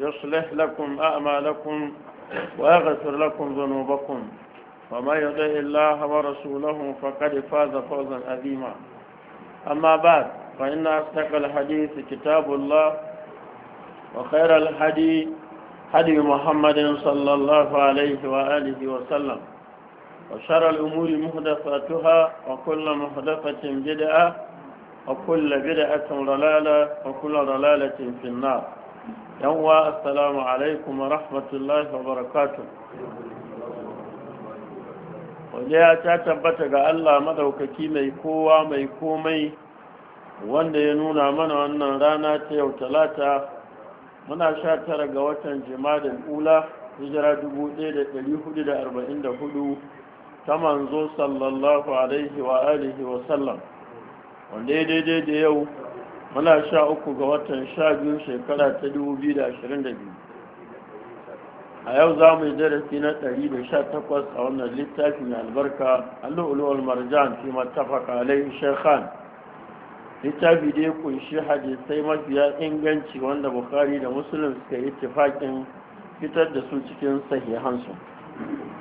يصلح لكم أعمالكم ويغفر لكم ذنوبكم وما يطع الله ورسوله فقد فاز فوزا عظيما أما بعد فإن أصدق الحديث كتاب الله وخير الحديث حديث محمد صلى الله عليه وآله وسلم وشر الأمور محدثاتها وكل محدثة بدعة وكل بدعة ضلالة وكل ضلالة في النار yanwa assalamu alaikum wa rahmatullahi wa barakatu ya ta tabbata ga Allah madaukaki mai kowa mai komai wanda ya nuna mana wannan rana ta yau talata muna sha tara ga watan jimadin ula hijira 1444 ta manzo sallallahu alaihi wa alihi wa sallam wanda ya daidai da yau muna sha uku ga watan sha biyu shekara ta dubu biyu da ashirin da biyu a yau za mu yi darasi na ɗari da sha takwas a wannan littafi mai albarka allu'ulu'ul marjan fi matafaka alai shekhan littafi da ya kunshi hadisai mafiya inganci wanda bukari da musulun suka yi tufakin fitar da su cikin sahihansu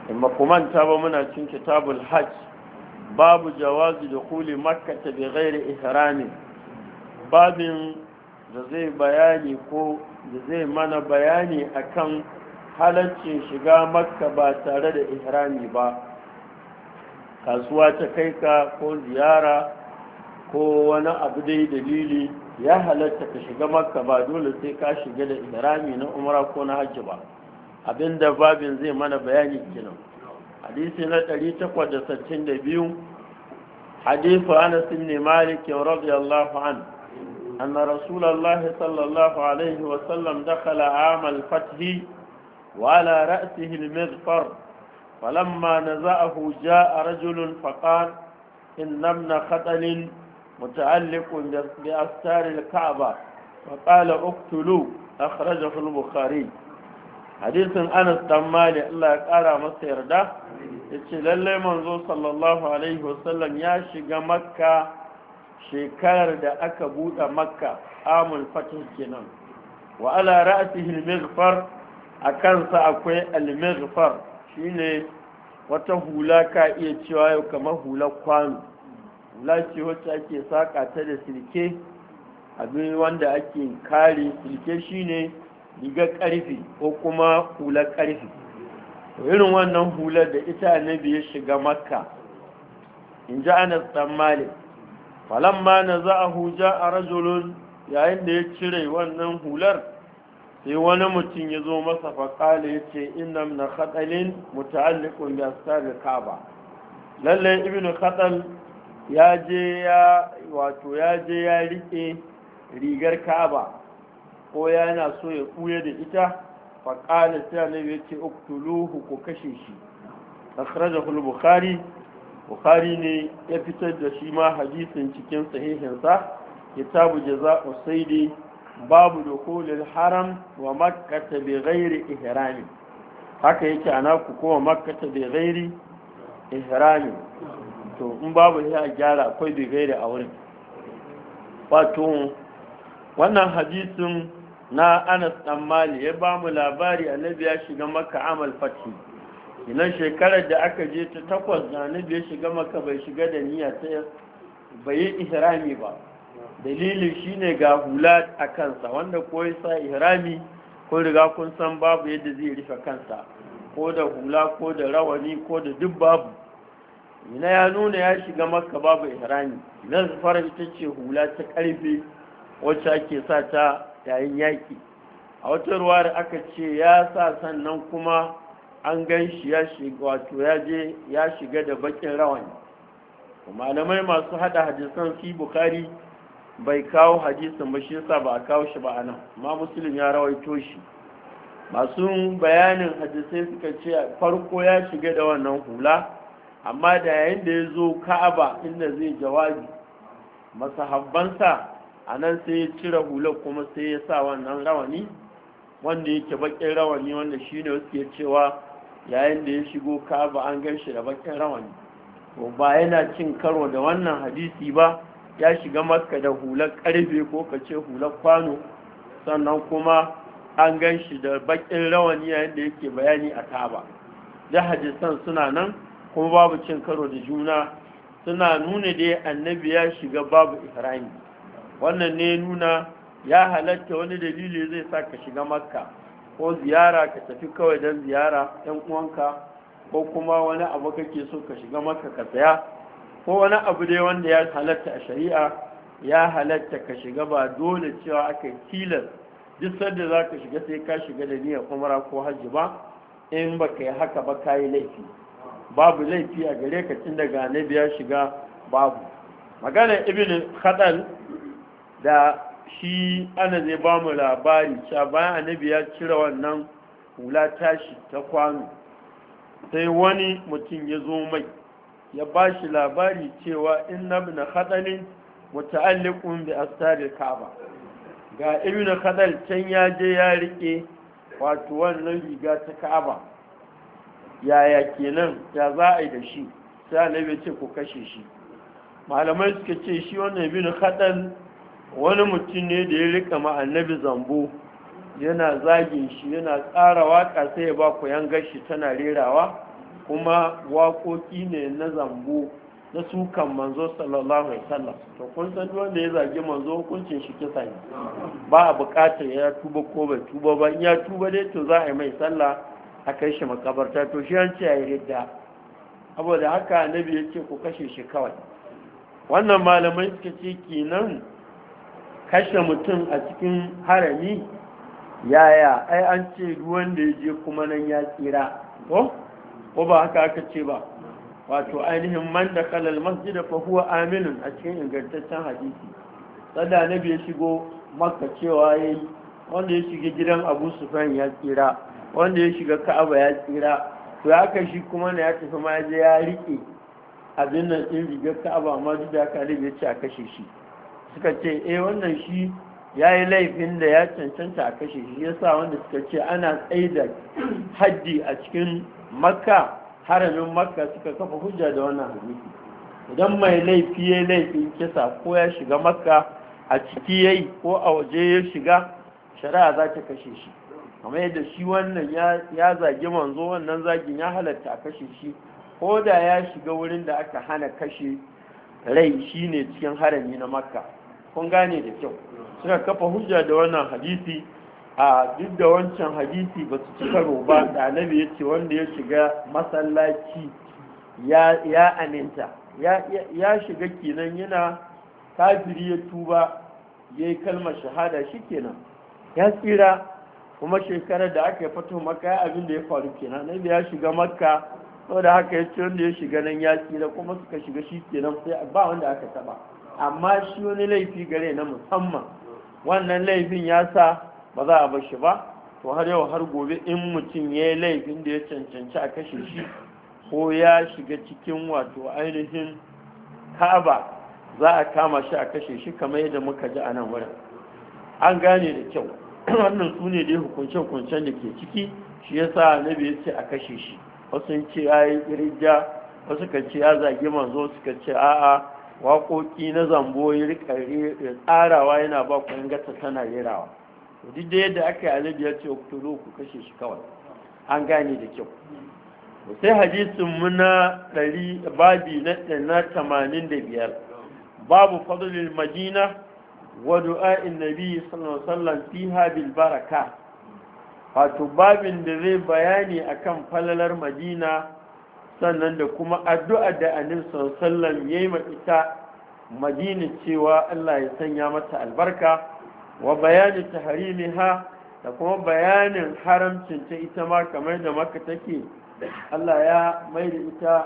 in ba manta ba muna cin kitabul hajj babu jawazi da kuli makka ta bi ghairi ihramin babin da zai bayani ko da zai mana bayani akan halaccin shiga makka ba tare da ihrami ba kasuwa ta kai ka ko ziyara ko wani abu dai dalili ya halarta ka shiga makka ba dole sai ka shiga da ihrami na umra ko na hajji ba abinda babin zai mana bayani kenan hadisi na 862 hadisi Anas ibn Malik radiyallahu anhu أن رسول الله صلى الله عليه وسلم دخل عام الفتح وعلى رأسه المغفر فلما نزعه جاء رجل فقال إن ابن خطل متعلق بأستار الكعبة فقال اقتلوا أخرجه البخاري حديث أنس تمالي الله قال مصير ده يقول للي منظور صلى الله عليه وسلم يا شق مكة shekarar da aka buɗe makka amul fatih kenan wa ala ra'sihi al-maghfar a kansa akwai al-maghfar shine wata hula ka iya cewa yau kamar hula kwano hula ce wacce ake saka ta da silke abin wanda ake kare silke shine rigar karfi ko kuma hular karfi irin wannan hular da ita annabi ya shiga makka in ji anas dan malik falamma na za a rajulun yayin da ya cire wannan hular sai wani mutum ya zo masa faƙala ya ce innam na khatalin muta'alliqun bi astar kaaba lalle ibnu khatal ya je ya wato ya je ya riƙe rigar kaaba ko yana so ya kuye da ita faƙala sai ya ce uktuluhu ku kashe shi akhrajahu al-bukhari bukhari ne ya fitar da shi ma hadisin cikin sahihinsa kitabu jaza'u saidi babu dukulil haram wa makkata bi ghairi ihrami haka yake ana ku ko makkata bi ghairi ihrami to in babu ya a gyara akwai bi ghairi a wurin wato wannan hadisin na Anas dan ya ba mu labari annabi ya shiga Makka amal fathi inan shekarar da aka je ta takwas na nabi ya shiga maka bai shiga da niyya ta bai yi ihrami ba dalilin shine ga hula a kansa wanda ko ya sa ihrami ko riga kun san babu yadda zai rufe kansa ko da hula ko da rawani ko da duk babu ina ya nuna ya shiga maka babu ihrami idan fara ita ce hula ta karfe wacce ake sa ta yayin yaki a wata ruwa da aka ce ya sa sannan kuma an gan shi ya shiga wato ya shiga da bakin rawani malamai masu hada hadisan fi bukari bai kawo hadisin ba shi yasa ba a kawo shi ba a nan ma musulun ya rawaito shi masu bayanin hadisai suka ce farko ya shiga da wannan hula amma da yayin da ya zo ka'aba inda zai jawabi masahabbansa a nan sai ya cire hular kuma sai ya sa wannan rawani wanda yake bakin rawani wanda shine suke cewa yayin da ya shigo kaba an gan shi da bakin rawani to ba yana cin karo da wannan hadisi ba ya shiga maka da hular karfe ko ka ce hular kwano sannan kuma an gan shi da bakin rawani yayin da yake bayani a kaba da hadisan suna nan kuma babu cin karo da juna suna nuna da annabi ya shiga babu ihrami wannan ne nuna ya halatta wani dalili zai sa ka shiga makka ko ziyara ka tafi kawai don ziyara ɗan uwanka ko kuma wani abu kake so ka shiga maka ka saya ko wani abu dai wanda ya halatta a shari'a ya halatta ka shiga ba dole cewa aka tilas duk sanda za ka shiga sai ka shiga da niyyar umara ko hajji ba in ba ka yi haka ba ka yi laifi babu laifi a gare ka tun daga annabi ya shiga babu Magana ibn khadal da shi ana zai ba mu labari cewa bayan annabi ya cire wannan hula tashi ta kwano sai wani mutum ya zo mai ya ba shi labari cewa inna bin haɗarin muta'alliqun bi astaril ka'aba ga ibn haɗar can ya je ya riƙe wato wannan riga ta ka'aba yaya kenan ya za a yi da shi sai annabi ce ku kashe shi malamai suka ce shi wannan ibn haɗar. wani mutum ne da ya rika ma annabi zambo yana zagin shi yana tsara waka sai ya ba yanga gashi tana rerawa kuma waƙoƙi ne na zambo na sukan manzo sallallahu alaihi wasallam to kun san duk wanda ya zagi manzo hukuncin shi kisa ne ba a buƙatar ya tuba ko bai tuba ba in ya tuba dai to za a yi mai sallah a kai shi makabarta to shi an ce ya yi ridda saboda haka annabi ya ce ku kashe shi kawai wannan malamai suka ce kenan kashe mutum a cikin harami yaya ai an ce ruwan da ya je kuma nan ya tsira ko ko ba haka aka ce ba wato ainihin man da kalal masjida fa huwa aminun a cikin ingantaccen hadisi sada na ya shigo maka cewa yi wanda ya shiga gidan abu sufyan ya tsira wanda ya shiga ka'aba ya tsira to haka shi kuma na ya tafi ma ya je ya rike abin nan rigar ka'aba amma duk da haka ya ce a kashe shi suka ce e wannan shi ya yi laifin da ya cancanta a kashe shi ya sa wanda suka ce ana tsaida haddi a cikin makka haramin makka suka kafa hujja da wannan hadisi idan mai laifi ya laifin kisa ko ya shiga makka a ciki ya yi ko a waje ya shiga shari'a za ta kashe shi kamar yadda shi wannan ya zagi manzo wannan zagin ya halatta a kashe shi ko da ya shiga wurin da aka hana kashe rai shine cikin harami na makka kun gane da kyau suna kafa hujja da wannan hadisi a duk da wancan hadisi ba su cika roba da annabi ya ce wanda ya shiga masallaci ya aminta ya shiga kenan yana kafiri ya tuba ya yi kalmar shahada shi kenan ya tsira kuma shekarar da aka yi fito maka ya abin ya faru kenan na ya shiga makka saboda haka ya ce wanda ya shiga nan ya tsira kuma suka shiga shi kenan sai ba wanda aka taba amma shi wani laifi gare na musamman wannan laifin ya sa ba za a bar shi ba to har yau har gobe in mutum ya yi laifin da ya cancanci a kashe shi ko ya shiga cikin wato ainihin ka'aba za a kama shi a kashe shi kamar yadda muka ji a nan wurin an gane da kyau wannan su ne dai hukunce-hukuncen da ke ciki shi ya sa annabi ya ce a kashe shi wasu ce ya yi irija wasu ka ce ya zagi manzo suka ce a'a waƙoƙi na zambo ya tsarawa yana ba ku gata tana rerawa duk da yadda aka yi alibi ya ce oktoro ku kashe shi kawai an gane da kyau sai hadisin mu na ɗari babi na tamanin da biyar babu fadlil madina wa du'a'in nabi sallallahu sallam fi fiha baraka wato babin da zai bayani akan falalar madina sannan da kuma addu'a da annabi sallan ya yi ita madinin cewa Allah ya sanya mata albarka wa bayani ha, da kuma bayanin haramcin ta ita ma kamar da maka take Allah ya mai da ita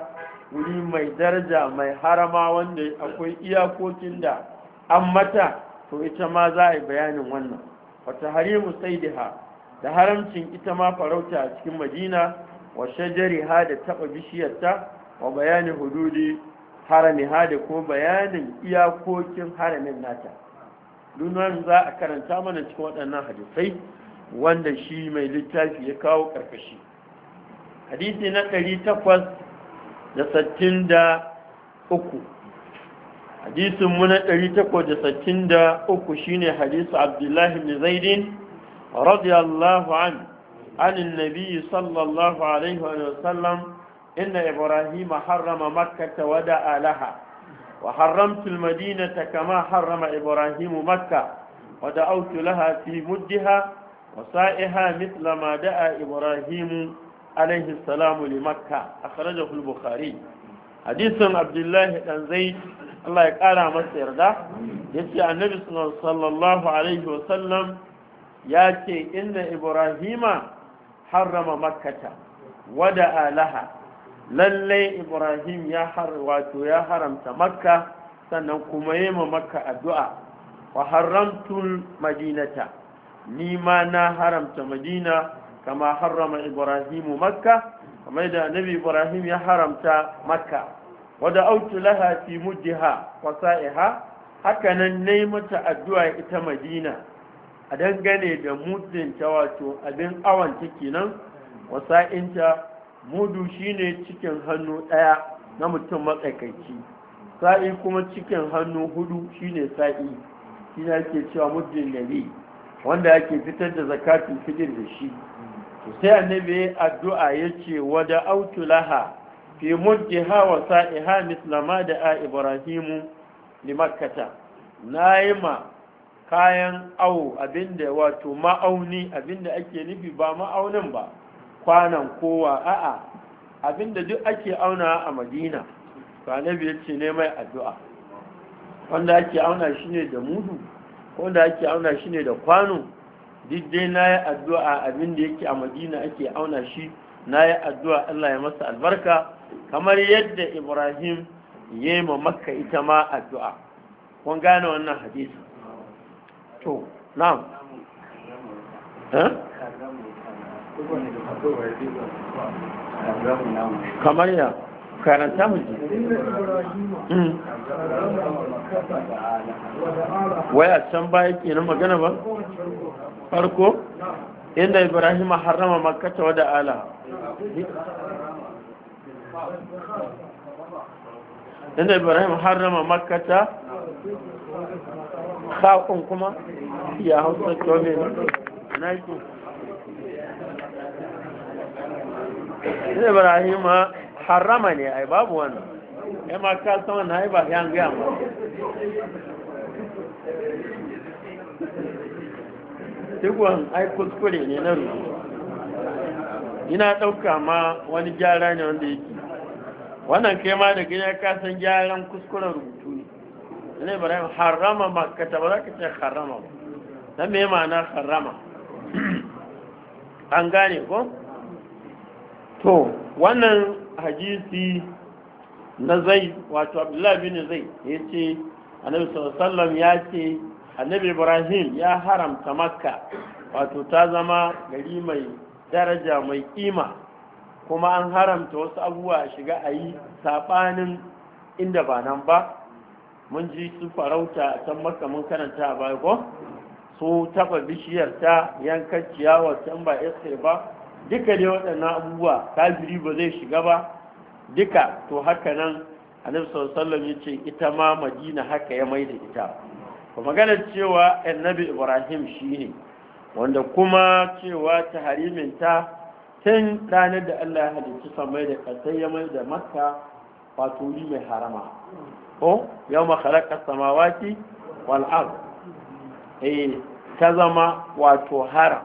wuri mai daraja mai harama wanda akwai iyakokin da an mata to ita ma za a yi bayanin wannan wata harimu sai da haramcin ita ma farauta a cikin madina wa shajari ha da taɓa bishiyarta wa bayanin hududi harami ha ko bayanin iyakokin haramin nata dunan za a karanta mana cikin waɗannan hadisai wanda shi mai littafi ya kawo ƙarƙashi hadisi na ɗari takwas da da uku hadisinmu na ɗari da uku shine hadisi abdullahi bin zaidin radiyallahu عن النبي صلى الله عليه وسلم إن إبراهيم حرم مكة ودعا لها وحرمت المدينة كما حرم إبراهيم مكة ودعوت لها في مدها وسائها مثل ما دعا إبراهيم عليه السلام لمكة أخرجه البخاري حديث عبد الله بن زيد الله يقال مسير ده يتي النبي صلى الله عليه وسلم ياتي إن إبراهيم harrama makkata wada alaha lallai ibrahim ya har wato ya haramta makka sannan kuma yi ma makka addu'a wa haramtul madinata ni ma na haramta madina kama harrama ibrahimu makka kamar da annabi ibrahim ya haramta makka wada autu laha fi muddiha wasa'iha haka nan ne mata addu'a ita madina a dangane da mudinta wato abin awon ciki nan wasa'inta mudu shine cikin hannu ɗaya na mutum matsakaici sa'i kuma cikin hannu hudu shine sa'i shi ne ake cewa muddin nabi wanda ake fitar da zakatun fidir da shi sai annabi ya addu'a ya ce wada autulaha fi ha wa sa'iha mislama da a ibrahimu limakkata na yi ma kayan awo abinda wato ma'auni abinda ake nufi ba ma'aunin ba kwanan kowa a'a abinda duk ake auna a madina annabi ya ce ne mai addu'a wanda ake auna shi ne da mudu wanda ake auna shi ne da kwano duk dai na yi addu'a abinda yake a madina ake auna shi na yi addu'a Allah ya masa albarka kamar yadda ibrahim ya yi ma makka ita ma addu'a kun gane wannan hadisi to na'am kamar ya karanta mu ji hmm. waya can baya kenan magana ba farko inda ibrahim harama makkata wa da inda ibrahim harama makkata kha'un kuma ya hausa tome na yi ibrahim ah, harama ne ai babu wani ya ma ka san wani ya ba yan ga mu duk wannan ai kuskure ne na ruru ina ɗauka ma wani gyara ne wanda yake wannan kai ma da gina kasan gyaran kuskuren rubutu ne ne ibrahim harama makkata ba za ka ce harama ba na me ma'ana harama an gane ko to wannan hadisi na zai wato abdullahi bin zai ya ce annabi sallallahu ya ce annabi ibrahim ya haramta makka wato ta zama gari mai daraja mai kima kuma an haramta wasu abubuwa shiga a yi saɓanin inda ba nan ba mun ji su farauta ta can maka mun karanta a baya ko su taba bishiyar ta yankan ciyawar can ba iske ba duka ne waɗannan abubuwa kafiri ba zai shiga ba duka to haka nan annabi sallallahu ya ce ita ma madina haka ya mai da ita ba magana cewa annabi ibrahim ne wanda kuma cewa ta harimin ta tun ranar da Allah ya halittu samai da ƙasai ya mai da makka wato wuri mai harama ko yau makalakar samawaki wal'ar eh ta zama wato haram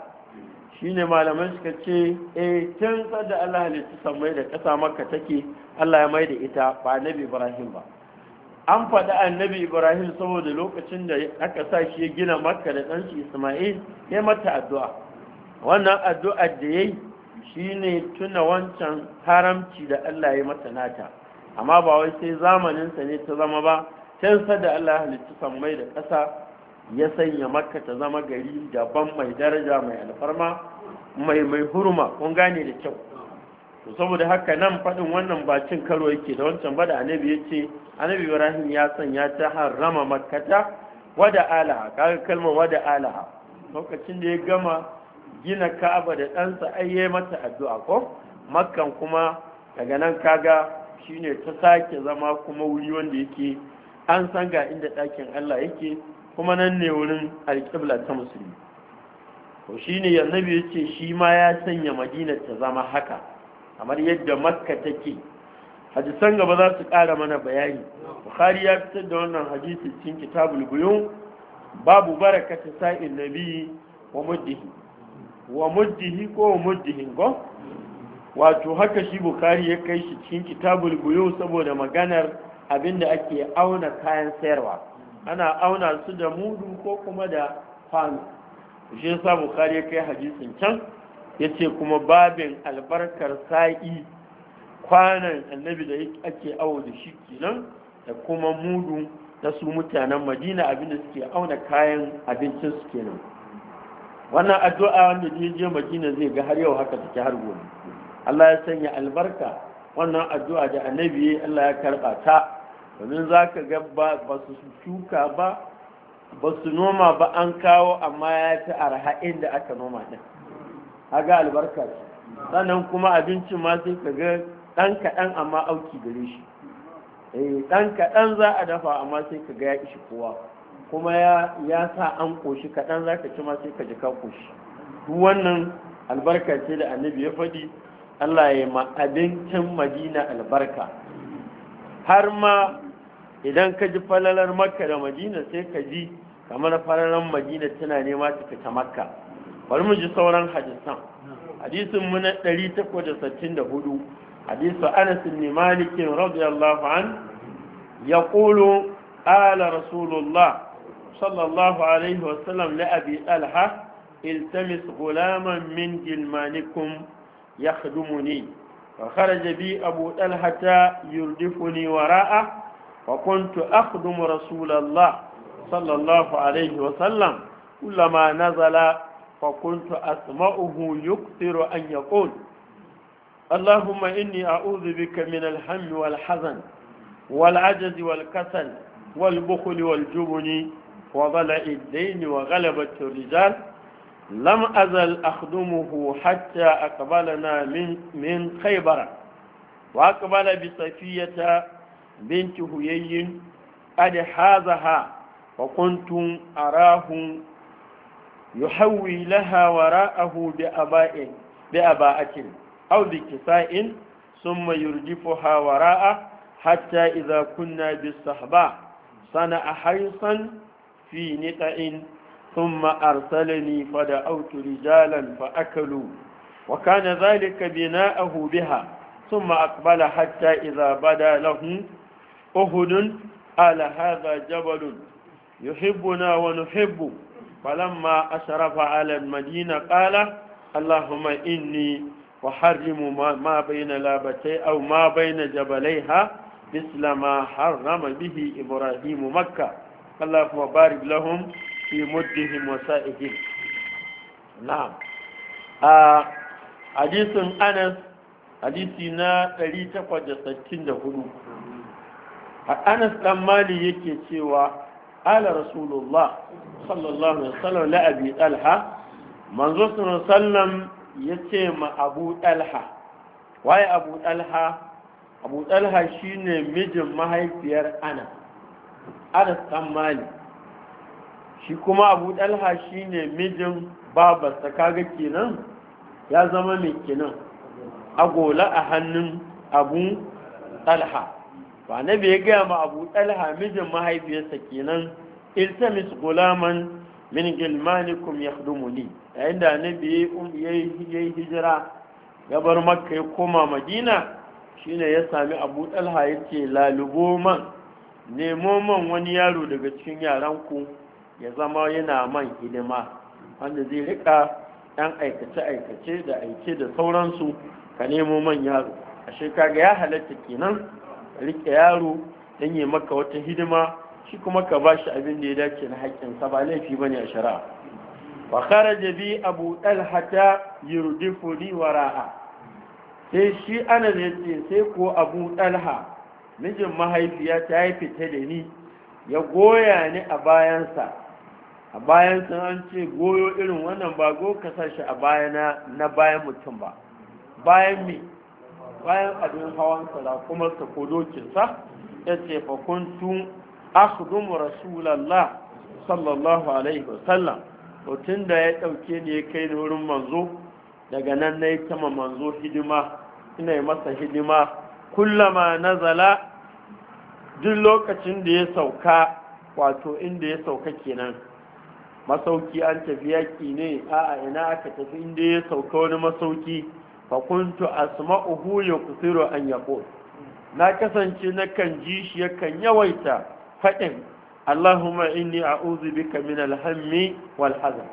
shi ne malamai suka ce eh tun da Allah halittu samai da ƙasa maka take Allah ya mai da ita ba nabi Ibrahim ba an faɗi annabi Ibrahim saboda lokacin da aka sa shi ya gina makka da ɗansu Ismail ya mata addu'a wannan addu'a da ya yi shi ne tuna wancan haramci da Allah ya mata nata amma ba wai sai zamaninsa ne ta zama ba can da Allah halitta sammai da ƙasa ya sanya makka ta zama gari daban mai daraja mai alfarma mai mai hurma kun gane da kyau to saboda haka nan faɗin wannan ba cin karo yake da wancan ba da annabi ya ce annabi ibrahim ya sanya ta harrama makkata wada alaha kaga kalmar wada alaha lokacin da ya gama gina ka'aba da ɗansa ai mata addu'a ko makkan kuma daga nan kaga shine ta sake zama kuma wuri wanda yake an san ga inda ɗakin Allah yake kuma nan ne wurin alƙibla ta musulmi to shine annabi yace shi ma ya sanya madina ta zama haka kamar yadda makka take hadisan gaba za su ƙara mana bayani bukhari ya fitar da wannan hadisi cin kitabul buyun babu barakata sa'in nabi wa muddihi wa muddihi ko muddihin go wato haka shi bukari ya kai shi cikin kitabul buyu saboda maganar abinda ake auna kayan sayarwa ana auna su da mudu ko kuma da kwano shi yasa bukari ya kai hadisin can yace kuma babin albarkar sa'i kwanan annabi da ake awo da shi kenan da kuma mudu na su mutanen madina abinda suke auna kayan abincin su kenan wannan addu'a wanda je madina zai ga har yau haka take har gobe Allah ya sanya albarka wannan addu'a da annabi Allah ya karɓa ta domin za ka ga ba su shuka ba ba su noma ba an kawo amma ya fi arha inda aka noma ɗin haga albarka ce sannan kuma abincin ma sai ka ga ɗan kaɗan amma auki gare shi eh, ɗan kaɗan za a dafa amma sai ka ga ya ishi kowa kuma ya sa an ƙoshi kaɗan za ka ci ma sai ka ji ka ƙoshi duk wannan albarka ce da annabi ya faɗi Allah ya ma abincin madina albarka har ma idan ka ji falalar makka da madina sai ka ji kamar falalar madina tana nema ta fita makka bari mu ji sauran hadisan hadisin mu na 864 hadisu anas bin malik radiyallahu an yaqulu qala rasulullah sallallahu alaihi wasallam li abi talha iltamis gulaman min gilmanikum يخدمني فخرج بي أبو طلحة يردفني وراءه وكنت أخدم رسول الله صلى الله عليه وسلم كلما نزل فكنت أسمعه يكثر أن يقول اللهم إني أعوذ بك من الهم والحزن والعجز والكسل والبخل والجبن وضلع الدين وغلبة الرجال lam azal akhdumuhu hatta aqbalana min min khaybara wa aqbala bi safiyata binti huyayyin adhazaha wa kuntum arahu yuhawwi laha wara'ahu bi aba'in bi aba'atin aw bi kisa'in thumma yurjifuha wara'a hatta idha kunna bis sahba sana'a haysan fi niqa'in ثم أرسلني فدعوت رجالا فأكلوا وكان ذلك بناءه بها ثم أقبل حتى إذا بدا له أهد قال هذا جبل يحبنا ونحب فلما أشرف على المدينة قال اللهم إني وحرم ما بين لابتي أو ما بين جبليها مثل ما حرم به إبراهيم مكة اللهم بارك لهم fi muddihim wa sa'ihim na'am a hadisin anas hadisi na 864 anas dan mali yake cewa ala rasulullah sallallahu alaihi wasallam la abi alha, manzo sallallahu yace ma abu talha waye abu talha abu talha shine mijin mahaifiyar Ana. anas dan mali shi kuma abu ɗalha shi ne mijin babarsa kaga kenan ya zama mai kenan agola a hannun abu ɗalha ba na bai gaya ma abu ɗalha mijin mahaifiyarsa kenan iltamis gulaman min gilmanikum ya dumuni yayin da na um, ya yi hijira ya bar makka ya koma madina shine ya sami abu ɗalha ya ce lalubo man nemo man wani yaro daga cikin yaranku ya zama yana man hidima wanda zai rika ɗan aikace-aikace da aike da sauransu ka nemo man yaro a shekara ya halatta kenan rike yaro don yi maka wata hidima shi kuma ka ba shi abin da ya dace na haƙƙinsa ba laifi ba ne a shari'a wa kharaja bi abu dalhata yurdifu wa ra'a. sai shi ana da ce sai ko abu Ɗalha mijin mahaifiya ta yi fita da ni ya goya ni a bayansa a bayan sun an ce goyo irin wannan ba go ka sa a bayan na bayan mutum ba bayan mi bayan abin hawan da kuma sa ko dokinsa ya ce fa kuntu rasulallah sallallahu alaihi wasallam to da ya dauke ni ya kai ni wurin manzo daga nan na yi tama manzo hidima ina yi masa hidima kullama nazala duk lokacin da ya sauka wato inda ya sauka kenan masauki an tafi yaƙi ne a ina aka tafi inda ya sauka wani masauki fa kuntu asma'uhu kusiru an yaqul na kasance na kan ji shi yakan yawaita faɗin Allahumma inni a'udhu bika min alhammi wal hazan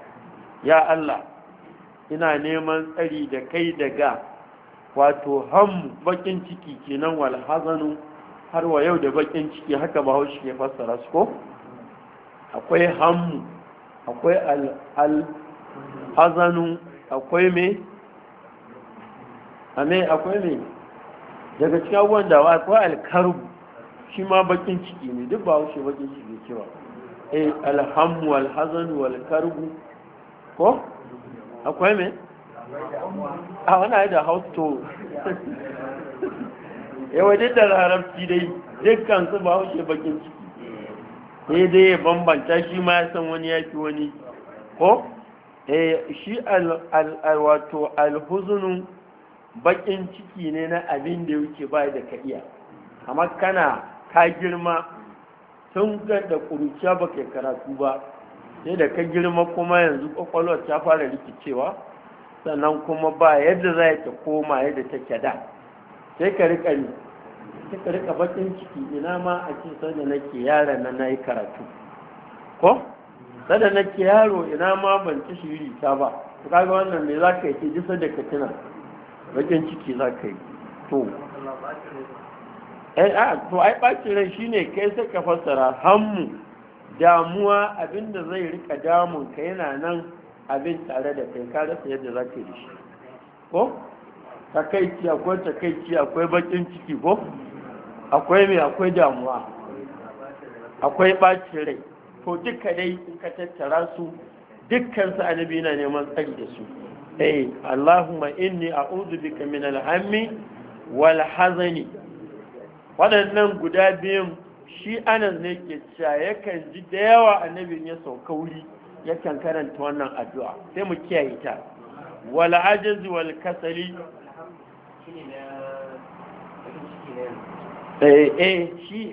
ya Allah ina neman tsari da kai daga wato ham bakin ciki kenan wal hazanu har wa yau da bakin ciki haka bahaushe ke fassara su ko akwai hammu akwai al'azanu akwai mai ame akwai mai daga cikin abubuwan da akwai alkarbu shi ma bakin ciki ne duk ba wuce bakin ciki cewa eh alhammu alhazanu alkarbu ko akwai mai a wani da hausto yawai eh, duk da larabci dai dukkan su ba wuce bakin ciki ne dai ya bambanta shi ma ya san wani ya fi wani ko eh, shi alwato alhuzunin bakin ciki ne na abin da yake ba da ka iya amma kana ka girma tun da ƙuruciya ba kai karatu ba sai da ka girma kuma yanzu kwakwalwar ta fara rikicewa sannan kuma ba yadda za ta koma yadda take da sai ka riƙa suka rika bakin ciki ina ma a ce sanda nake yaran nan nayi karatu ko sanda nake yaro ina ma ban ci shiri ta ba to kaga wannan me zaka yi ji sanda ka tuna bakin ciki zaka yi to eh a to ai bacin rai shine kai sai ka fassara hammu damuwa abinda zai rika damun ka yana nan abin tare da kai ka rasa yadda zaka yi shi ko takaici akwai takaici akwai bakin ciki ko akwai mai akwai damuwa akwai ɓacin rai to duka dai in ka tattara su dukkan su annabi na neman tsari da su eh Allahumma inni a'udhu bika min al-hammi wal hazani waɗannan guda biyun shi anas ne ke cewa yakan ji da yawa annabi ya sauka wuri yakan karanta wannan addu'a sai mu kiyaye ta wal ajzi wal kasali Eh, eh shi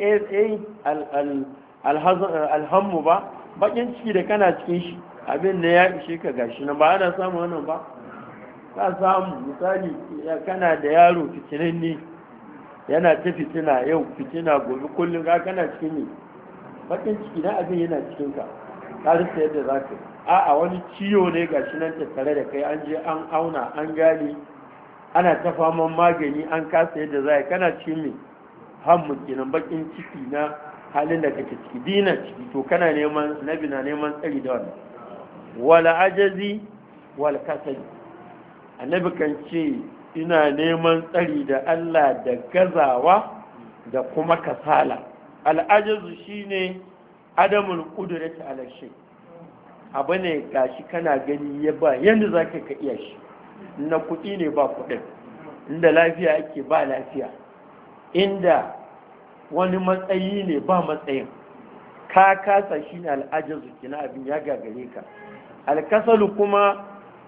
alhammu ba bakin ciki da kana cikin shi abin da ya ishe ka gashi na ba ana samu wannan ba ka samu misali kana da yaro fitinin ne yana ta fitina yau fitina gobe kullum ka kana cikin ne bakin ciki na abin yana cikin ka ka rasa yadda za ka a wani ciwo ne gashi nan tattare da kai an je an auna an gane ana ta faman magani an kasa yadda za a kana ci mai hammu kenan bakin ciki na halin da kake ciki dina ciki to kana neman nabi na neman tsari da wannan wala ajazi wal kasali annabi kan ce ina neman tsari da Allah da gazawa da kuma kasala al'ajazu shine adamul qudrati ala shay abu ne gashi kana gani ya ba yanda zaka ka iya shi na kuɗi ne ba kuɗin inda lafiya ake ba lafiya inda wani matsayi ne ba matsayin ka kasa shi ne al'ajazu na abin ya gagare ka alkasalu kuma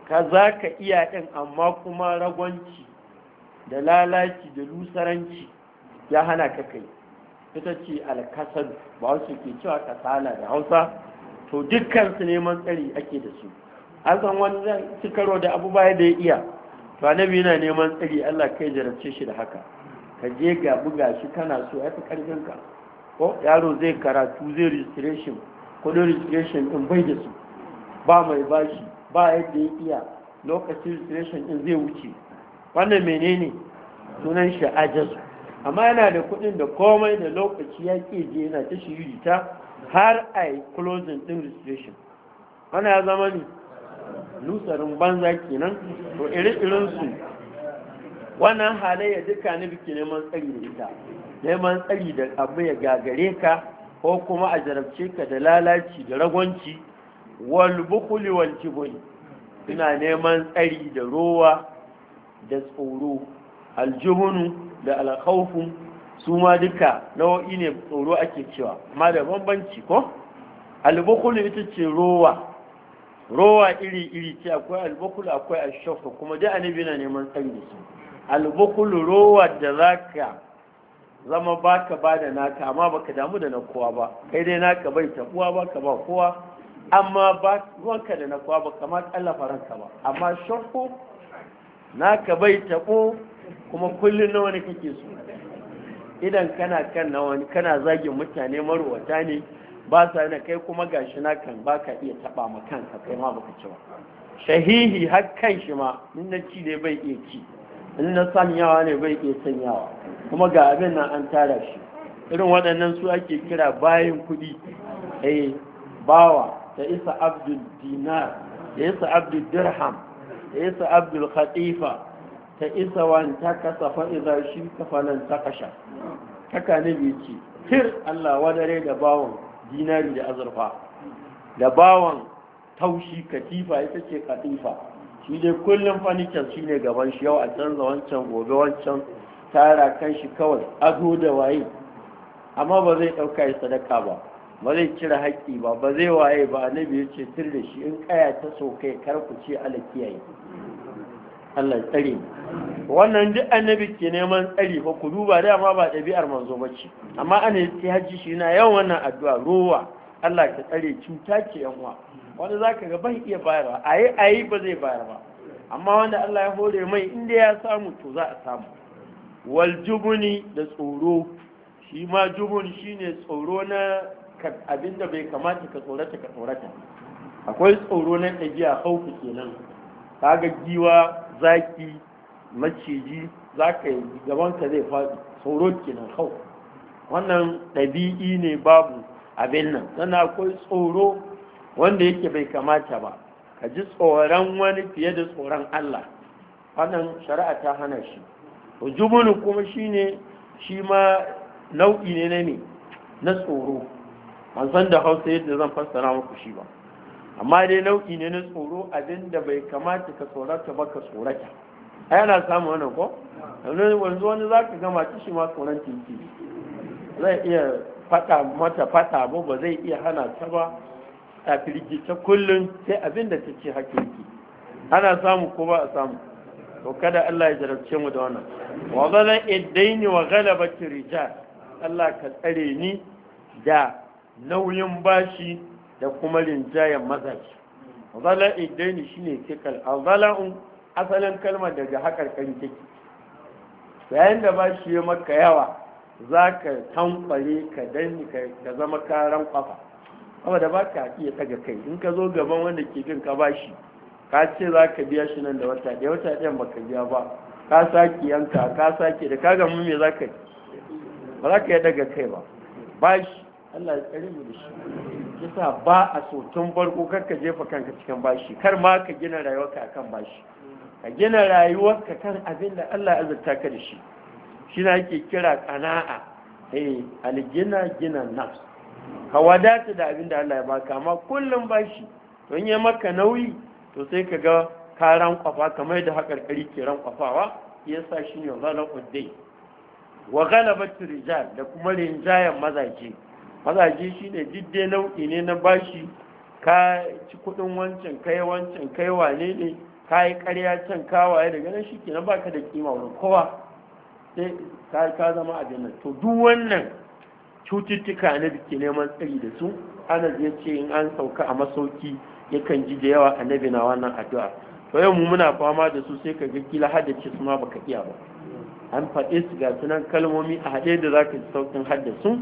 ka za ka iya ɗin amma kuma ragwanci da lalaci da lusaranci ya hana ka kai ita ce alkasalu ba wasu ke cewa kasala da hausa to dukkan su neman tsari ake da su an san wani zan ci karo da abu baya da ya iya to annabi yana neman tsari Allah kai jarabce shi da haka ka je ga buga shi kana so ya fi karfin ka ko yaro zai karatu zai registration kudin registration din bai da su ba mai bashi ba yadda ya iya lokacin registration din zai wuce wannan menene sunan shi ajazu amma yana da kudin da komai da lokaci ya ke je yana ta shi har a yi closing din registration wannan ya zama ne lusarin banza kenan to irin-irin su wannan halayya duka na biki neman tsari da ita neman tsari da abu ya gagare ka ko kuma a jarabce ka da lalaci da ragonci wal bukuli wal suna neman tsari da rowa da tsoro aljihunu da alkhawfun su ma duka nau'i ne tsoro ake cewa amma da bambanci ko albukuli ita ce rowa rowa iri-iri ce akwai albukulu akwai ashafa kuma da anibi na neman tsari su albukulu rowa da zaka zama baka ba da naka amma baka damu da na kowa ba kai dai naka bai tabuwa ba ka ba kowa amma ba ruwanka da na kowa ba kama tsallafa ranka ba amma shafo naka bai tabo kuma kullum na wani kake so idan kana kan na wani kana zagin mutane marwata ne ba sa yana kai kuma gashi na kan ba ka iya taba ma kanka kai ma baka ci ba shahihi har kan shi ma in na ci ne bai iya ci in na sanyawa ne bai iya sanyawa kuma ga abin nan an tara shi irin waɗannan su ake kira bayin kuɗi eh bawa da isa abdul dinar da isa abdul dirham da isa abdul khatifa ta isa wani ta kasa fa'iza shi kafalan ta kasha haka ne bai ce tir Allah wadare da bawon dinari da azurfa da bawan taushi katifa ita ce katifa shi dai kullum fanikin shi ne gaban shi yau a canza wancan gobe wancan tara kan shi kawai ado da waye amma ba zai ɗauka ya sadaka ba ba zai cire haƙƙi ba ba zai waye ba annabi ya ce da shi in kaya ta so kai kar ku ce ala kiyaye Allah ya tsare mu wannan duk annabi ke neman tsare ba ku duba dama ba ɗabi'ar manzo ba ce amma ana yi hajji shi na yawan wannan addu'a rowa Allah ka tsare cuta ce yan uwa wanda za ka ga bai iya bayarwa ayi ayi ba zai bayar ba amma wanda Allah ya hore mai inda ya samu to za a samu wal jubuni da tsoro shi ma jubun shine tsoro na abinda bai kamata ka tsorata ka tsorata akwai tsoro na ɗabi'a hauku kenan kaga giwa zaki maciji za ka yi ka zai faɗi tsoro kenan kau wannan ɗabi'i ne babu abin nan sannan akwai tsoro wanda yake bai kamata ba ka ji tsoron wani fiye da tsoron Allah wannan shari'a ta hana shi jubunu kuma shine shi ma nau'i ne na ne na tsoro ban san da hausa yadda zan fassara muku shi ba amma dai nau'i ne na tsoro abinda bai kamata ka tsorata ba ka tsorata a yana samu wannan ko wanzu wani za ka gama ta shi ma tsoron tinki zai iya fata mata fata ba ba zai iya hana ta ba a firgita kullum sai abinda ta ce hakiki ana samu ko ba a samu to kada Allah ya jarabce mu da wannan wa zalan iddaini wa ghalabati rijal Allah ka tsare ni da nauyin bashi da kuma rinjayen mazaji zala idaini shine tikal azala'un asalin kalmar daga hakar kan take yayin da ba shi maka yawa za ka tankware ka danni ka zama karan kwafa kuma da ba ka iya kaga kai in ka zo gaban wanda ke bin ka bashi ka ce za ka biya shi nan da wata ɗaya wata ɗayan baka biya ba ka sake yanka ka sake da ka gamu me za ka yi ba za ka yi daga kai ba bashi Allah ya tsari mu da shi yasa ba a so barko karka jefa kanka cikin bashi kar ma ka gina rayuwarka akan bashi ka gina rayuwarka kan abin da Allah ya zarta ka da shi shi na yake kira kana'a eh aljina gina nafs ka wadata da abin da Allah ya baka amma kullum bashi to in ya maka nauyi to sai ka ga ka rankwafa kamar da kari ke rankwafawa yasa shi ne dai wa ghalabat rijal da kuma rinjayen mazaje mazaje shi ne jidde nau'i ne na bashi ka ci kudin wancan kai wancan kai wane ne ka yi karya can kawaye daga nan shi kenan baka da kima wurin kowa sai ka ka zama a nan to duk wannan cututtuka na ke neman tsari da su ana ya ce in an sauka a masauki yakan ji da yawa a nabina wannan addu'a to yau mu muna fama da su sai ka ga kila haddace su ma baka iya ba an faɗe su ga sunan kalmomi a haɗe da zaka ji saukin haddace su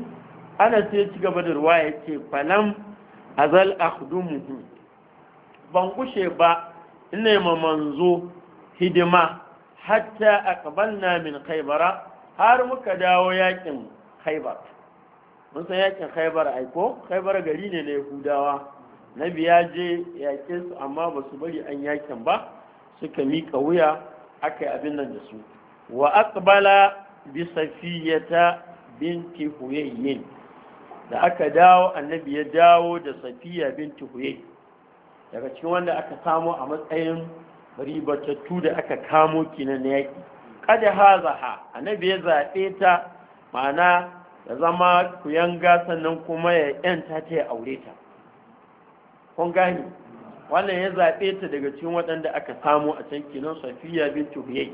ana sai ci gaba da ruwa ya ce falam azal akhdumuhu ban kushe ba ina ma manzo hidima hatta aqbalna min khaybara har muka dawo yakin khaybar mun san yakin khaybar ai ko khaybar gari ne na yahudawa nabi ya je yake su amma ba su bari an yakin ba suka mika wuya aka yi abin nan da su wa aqbala bi safiyata binti huyayyin da aka dawo annabi ya dawo da safiya binti huye daga cikin wanda aka samo a matsayin ribatattu da aka kamo kinan yaƙi kada hazaha annabi ya zaɓe ta ma'ana da zama kuyanga sannan kuma ya yanta ta ya aure ta kun gani wannan ya zaɓe ta daga cikin waɗanda aka samo a can kinan safiya binti huyai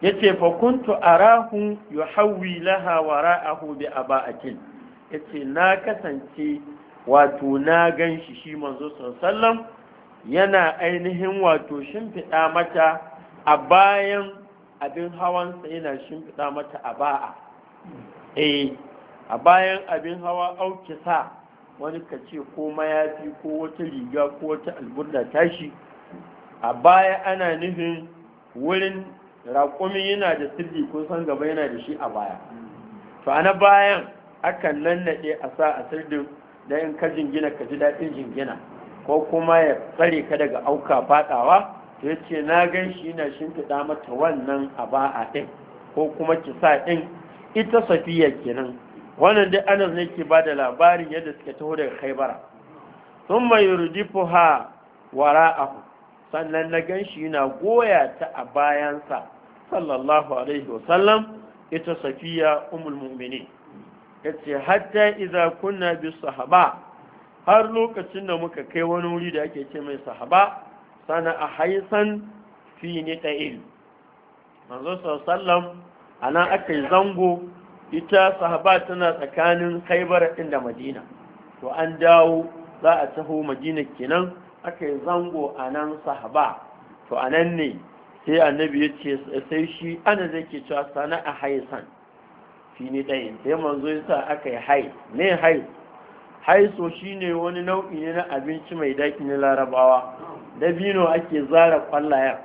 ya ce fa kuntu arahu yuhawwi laha wara'ahu bi aba'atin ya na kasance wato na gan shi shi manzo sallam yana ainihin wato shimfiɗa mata a bayan abin hawansa yana shimfiɗa mata a ba'a eh a bayan abin hawa auki sa wani ka ce ko mayafi ko wata riga ko wata alburda tashi a baya ana nufin wurin raƙumi yana da sirri ko san gaba yana da shi a baya to ana bayan akan naɗe a sa a sirdin da in ka jingina ka ji daɗin jingina ko kuma ya tsare ka daga auka faɗawa to ya ce na gan shi na shimfiɗa mata wannan a aba'a ɗin ko kuma ki sa ɗin ita safiya kenan wannan dai anas ne ke ba da labarin yadda suke taho daga khaibara sun mai a ku. sannan na gan shi na goya ta a bayansa sallallahu alaihi wasallam ita safiya umul mu'minin kace hatta idza kunna bi sahaba har lokacin da muka kai wani wuri da ake ce mai sahaba sana a haisan fi ni ta'il manzo sallam nan aka yi zango ita sahaba tana tsakanin khaibar ɗin da madina to an dawo za a taho madina kenan aka yi zango anan sahaba to anan ne sai annabi ya ce sai shi ana zai ke cewa sana a haisan shi ne ɗaya sai manzo ya sa aka yi hai ne hai hai so shi ne wani nau'i ne na abinci mai daki na larabawa dabino ake zara kwallayen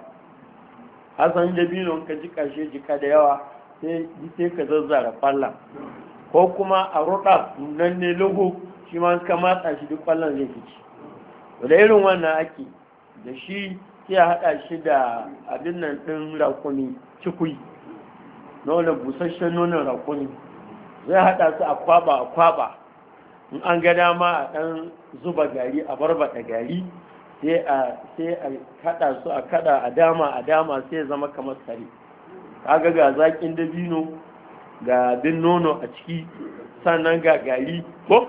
hasan dabino ka ji kashe jika da yawa sai ka zazzara kwallon ko kuma a ruɗa nan ne lugu shi ma ka matsa shi duk kwallon zai fice da irin wannan ake da shi sai a haɗa shi da abin nan ɗin rakumi cikui nonon busasshen nonon rakuni zai haɗa su a kwaba a kwaba in an ga dama a ɗan zuba gari a barbaɗa gari sai a kaɗa su a kaɗa a dama a dama sai zama kamar sare kaga ga zaƙin dabino ga bin nono a ciki sannan ga gari ko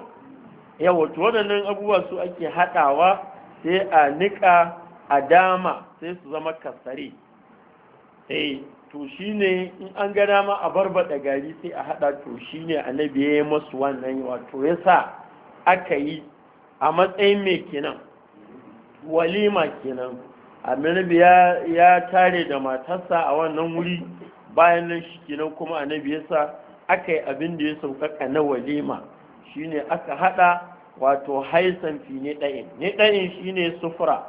yawa to waɗannan abubuwa su ake haɗawa sai a niƙa a dama sai su zama kasare sai eh. to shine in an ga dama a barbaɗa gari sai a haɗa to shine ne ya yi masu wannan wato ya sa aka yi a matsayin mai kenan walima kenan nabi ya tare da matarsa a wannan wuri bayan nan shi kenan kuma annabi ya sa aka yi abin da ya sauƙaƙa na walima shine aka haɗa wato haisan fi ne ɗayin ne ɗayin shine sufura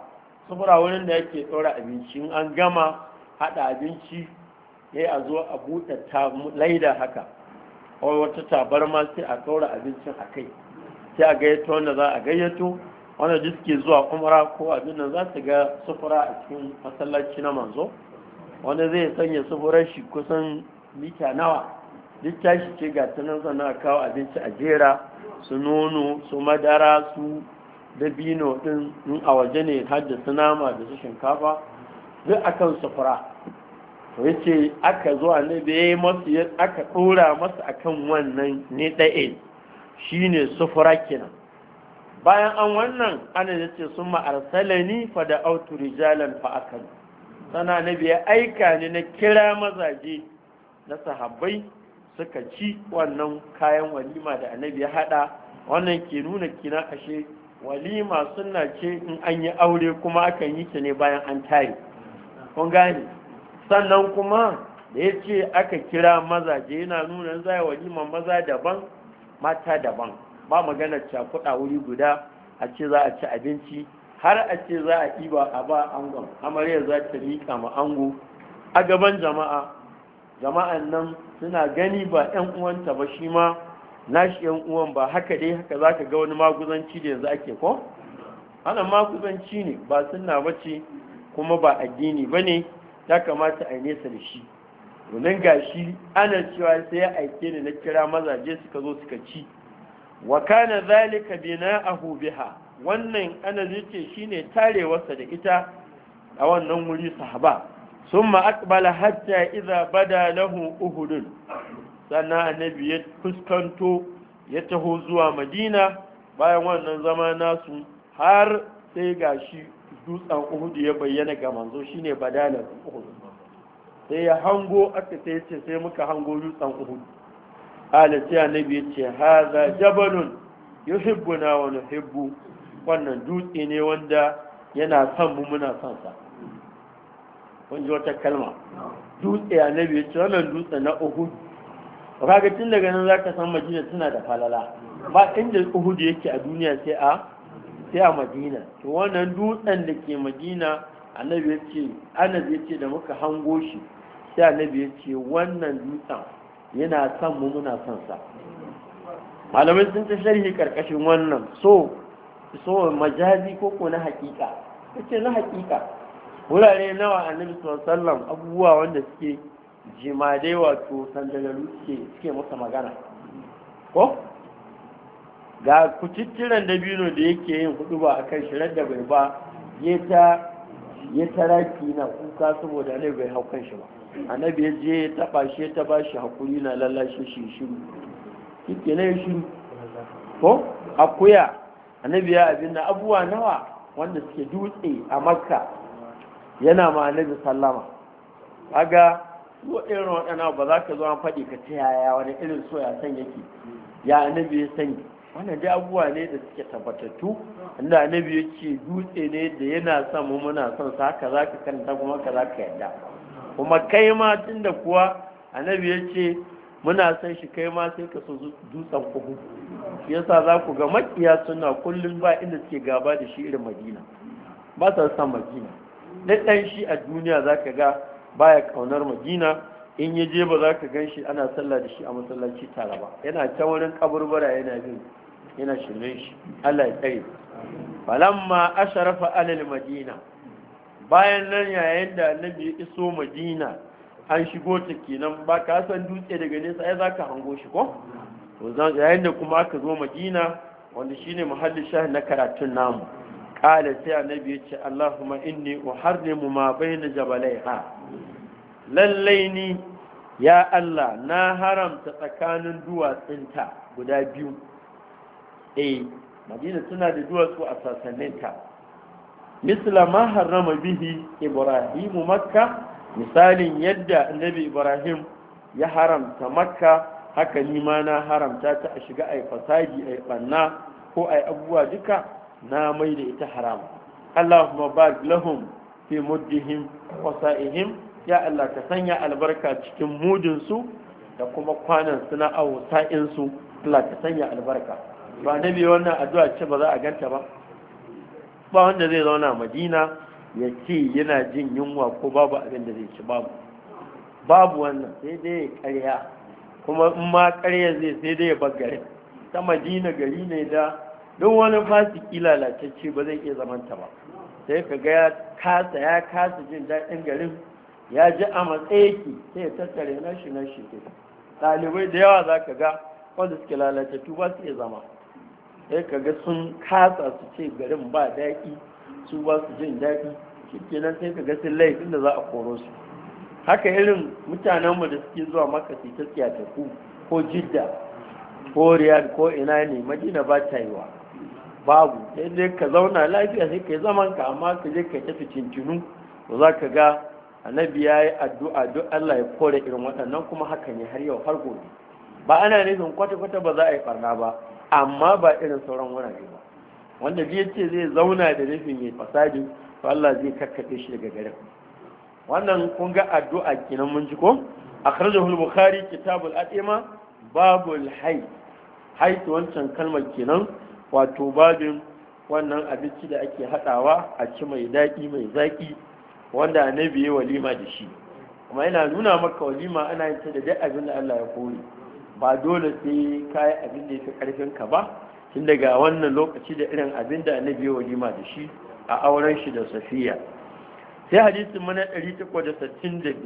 sufura wurin da yake tsora abinci an gama haɗa abinci sai a zo a buɗe ta laida haka wai wata tabarma sai a ɗora abincin a kai sai a gayyato wanda za a gayyato wanda suke zuwa umara ko abin nan za su ga sufura a cikin masallaci na manzo wanda zai sanya sufurar shi kusan mita nawa duk tashi ce ga ta nan kawo abinci a jera su nono su madara su dabino din a waje ne haddasa nama da su shinkafa duk akan sufura to yace aka da ya yi masu aka ɗora masa akan wannan ne da'e shine sufura kenan bayan an wannan ana yace summa arsalani fa da autu jalan fa akan sana na biya aika ne na kira mazaje na sahabbai suka ci wannan kayan walima da annabi ya haɗa wannan ke nuna kina ashe walima suna ce in an yi aure kuma akan yi ta ne bayan an tare kun sannan kuma da ya ce aka kira mazaje yana nuna zai ma maza daban mata daban ba magana cakuɗa wuri guda a ce za a ci abinci har a ce za a iba a ba angon amarya za ta rika ma ango a gaban jama'a jama'an nan suna gani ba 'yan uwanta ba shi ma nashi 'yan uwan ba haka dai haka za ka ga wani maguzanci da yanzu ake ko ana maguzanci ne ba suna bace kuma ba addini ba ne ya kamata a nesa da shi domin ga shi ana cewa sai ya aike ni na kira mazaje suka zo suka ci wa kana zalika bina'ahu biha wannan ana yace shine tarewarsa da ita a wannan wuri sahaba summa aqbala hatta idza bada lahu uhudun sannan annabi ya fuskanto ya taho zuwa madina bayan wannan zama nasu har sai gashi dutsen uhudu ya bayyana ga manzo shine badalar uhudu sai ya hango aka sai ce sai muka hango dutsen uhudu ala sai annabi ya ce haza jabalun yuhibbuna wa nuhibbu wannan dutse ne wanda yana son mu muna son sa kun ji wata kalma dutse annabi ya ce wannan dutse na uhudu kaga tun daga nan zaka san madina tana da falala ba inda uhudu yake a duniya sai a sai a madina to wannan dutsen da ke madina annabi ya ce annabi ya ce da muka hango shi sai annabi ya ce wannan dutsen yana san mu muna son sa malamai sun ta sharhi karkashin wannan so so majazi ko ko na hakika kace na hakika wurare nawa annabi sallallahu abubuwa wanda suke jimadai wato sandalalu suke suke masa magana ko ga ku dabino da yake yin hudu ba a kan shirar da bai ba ya taraki na kuka saboda ne bai hau kan shi ba annabi ya je ya taba shi ta ba shi hakuri na lallashe shi shiru kike ne shiru ko akuya annabi ya abin da abuwa nawa wanda suke dutse a makka yana ma annabi sallama kaga ko irin waɗannan ba za ka zo an faɗi ka ce yaya wani irin so ya san yake ya annabi ya sani wannan dai abubuwa ne da suke tabbatattu inda annabi yake dutse ne da yana son mu muna son sa haka zaka kanta kuma ka zaka yadda kuma kai ma tunda kuwa annabi yace muna son shi kai ma sai ka so dutsen kuhu shi yasa za ku ga makiya suna kullum ba inda suke gaba da shi irin madina ba sa san madina duk dan shi a duniya zaka ga baya kaunar madina in ya je ba za ka gan shi ana sallah da shi a masallaci tare ba yana ta wurin kaburbara yana bin yana shirin shi Allah ya tsare falamma asharafa alal madina bayan nan yayin da annabi ya iso madina an shigo ta kenan ba ka san dutse daga nesa ai zaka hango shi ko to yayin da kuma aka zo madina wanda shine muhallin shah na karatun namu qala sai annabi ya ce Allahumma inni uharrimu ma bayna jabalaiha lallai ni ya Allah na haramta tsakanin duwatsinta guda biyu eh madina tana da duwatsu a sassaninta misla ma harrama bihi ibrahimu makka misalin yadda annabi ibrahim ya haramta makka haka ni ma na haramta ta a shiga ai fasadi ai banna ko ai abubuwa duka na mai da ita haram allahumma barik lahum fi muddihim wa sa'ihim ya allah ka sanya albarka cikin mudin da kuma kwanan suna awo sa'in su allah ka sanya albarka ba na annabi wannan addu'a ce ba za a ganta ba ba wanda zai zauna madina ya ce yana jin yunwa ko babu abin da zai ci babu babu wannan sai dai ya karya kuma in ma karya zai sai dai ya bagare ta madina gari ne da duk wani fasiki ce ba zai iya zamanta ba sai ka ga ya kasa ya kasa jin daɗin garin ya ji a matsayaki sai ya tattare na shi na shi ɗalibai da yawa za ka ga wanda suke tu ba su iya zama sai kaga sun kasa su ce garin ba daɗi su ba su jin daɗi kenan sai kaga sun laifin da za a koro su haka irin mutanenmu da suke zuwa maka su ta tsiyataku ko jidda ko riyad ko ina ne madina ba ta yiwa babu sai dai ka zauna lafiya sai ka zaman ka amma ka je ka tafi cincinu to za ka ga annabi ya yi addu'a duk Allah ya kore irin waɗannan kuma haka ne har yau har gobe ba ana nufin kwata-kwata ba za a yi barna ba amma ba irin sauran wurare ba wanda ya ce zai zauna da nufin mai fasadi to Allah zai kakkaɓe shi daga garin wannan kun ga addu'a kenan mun ji ko akhrajahu al-bukhari kitabul atima babul hayy hayy wancan kalmar kenan wato babin wannan abinci da ake hadawa a ci mai daɗi mai zaki wanda annabi ya walima da shi kuma yana nuna maka walima ana yin ta da dai abin da Allah ya koyi ba dole sai kayi abin da yafi karfin ka ba tun daga wannan lokaci da irin abin da annabi ya walima da shi a auren shi da safiya sai hadisin mana 865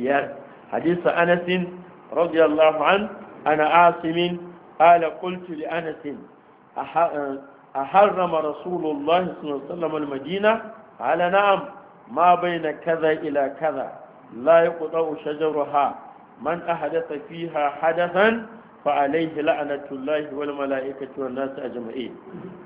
hadisi anasin radiyallahu an ana asimin ala qultu li anasin أحرم رسول الله صلى الله عليه وسلم المدينة على نعم ما بين كذا إلى كذا لا يقطع شجرها من أحدث فيها حدثا فعليه لعنة الله والملائكة والناس أجمعين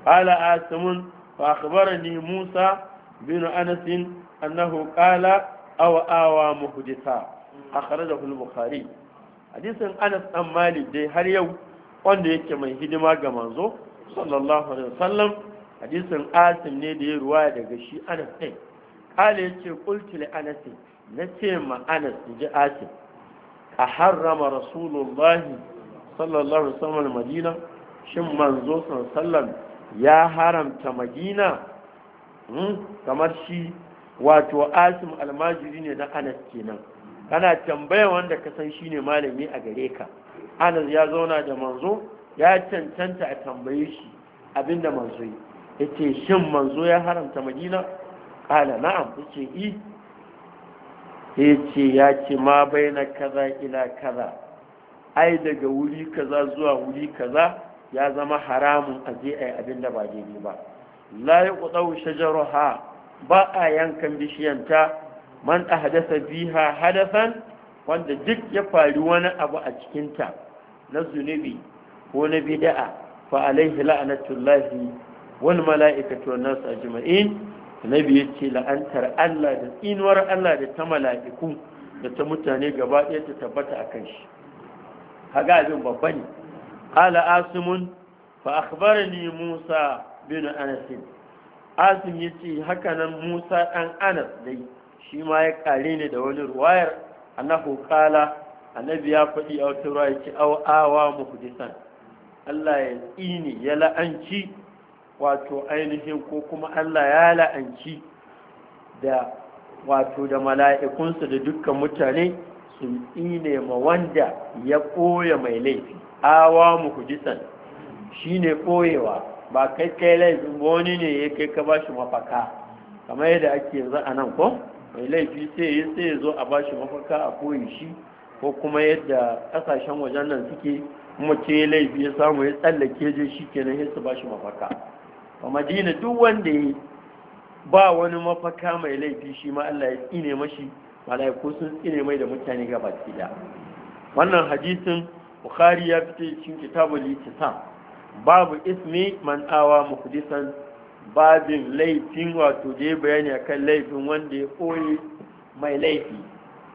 قال آسم فأخبرني موسى بن أنس أنه قال أو آوى مهدثا أخرجه البخاري حديث أنس أم مالك دي har yau, wanda yake mai hidima ga manzo sallallahu alaihi wasallam hadisin asim ne da ya ruwa daga shi anas ɗin kala ya ce kultule anas na ce ma anas ji asim a harrama rasulullahi sallallahu alaihi wasallam madina shin manzo sallallahu ya haramta madina hmm? kamar shi wato asim almajiri ne na anas kenan kana tambaya wanda ka san shi ne malami a gare ka anas ya zauna da manzo ya cancanta a tambaye shi abinda manzo yi yace shin manzo ya haramta madina kala na'am yace i yace ya ce ma na kaza ila kaza ai daga wuri kaza zuwa wuri kaza ya zama haramun a je a yi abin da ba daidai ba la ya kuɗau shajaruha ba a yankan bishiyanta man a hadasa biha hadasan wanda duk ya faru wani abu a cikinta na zunubi ko na bida'a fa alaihi la'anatullahi wal mala'ikatu wan nas ajma'in nabi yace la'antar Allah da tsinuwar Allah da ta mala'iku da ta mutane gaba ɗaya ta tabbata akan shi kaga abin babba ne qala asimun fa akhbarani musa bin anas asim yace haka nan musa dan anas dai shi ma ya kare ne da wani ruwayar annahu qala annabi ya faɗi a wata ruwa yace aw awa muhdisan Allah ya tsini ya la'anci wato ainihin ko kuma Allah ya la'anci da wato da mala'ikunsa da dukkan mutane sun tsine ma wanda ya ɓoye mai laifi awa mu kujisan shi ne ɓoyewa ba kai kai laifin wani ne ya kai ka ba shi mafaka kamar yadda ake yanzu a nan ko mai laifi sai ya sai ya zo a ba shi mafaka a koyi shi ko kuma yadda ƙasashen wajen nan suke mace laifi ya samu ya tsallake je shi kenan ya ba shi mafaka a madina duk wanda ya ba wani mafaka mai laifi shi ma Allah ya tsine mashi mala'iku sun tsine mai da mutane ga baki da wannan hadisin bukhari ya fito cikin kitabul litisam babu ismi man awa muhdisan babin laifin wato da ya bayani akan laifin wanda ya koyi mai laifi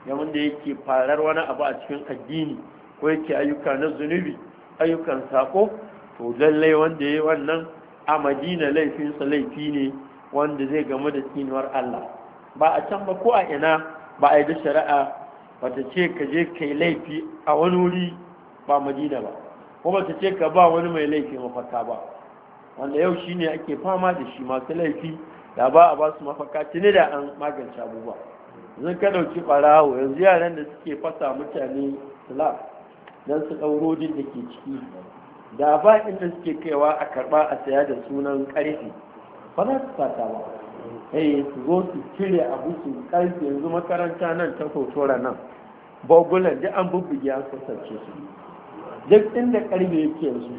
ya wanda yake farar wani abu a cikin addini ko yake ayyuka na zunubi ayyukan sako to lallai wanda ya wannan a madina laifinsa laifi ne wanda zai gamu da tsinuwar Allah ba a can ba ko a ina ba a yi da shari'a ba ta ce ka je ka yi laifi a wani wuri ba madina ba ko ba ta ce ka ba wani mai laifi mafaka ba wanda yau shi ne ake fama da shi masu laifi da ba a ba su mafaka tuni da an magance abubuwa Zan ka dauki ɓarawo yanzu yaran da suke fasa mutane sila don su din da ke ciki da ba inda suke kaiwa a karɓa a saya da sunan ƙarfi ba za su fata ba eh su zo su cire abu su karfe yanzu makaranta nan ta kotora nan bogulan duk an bubbuge an sassarce su duk inda karfe yake yanzu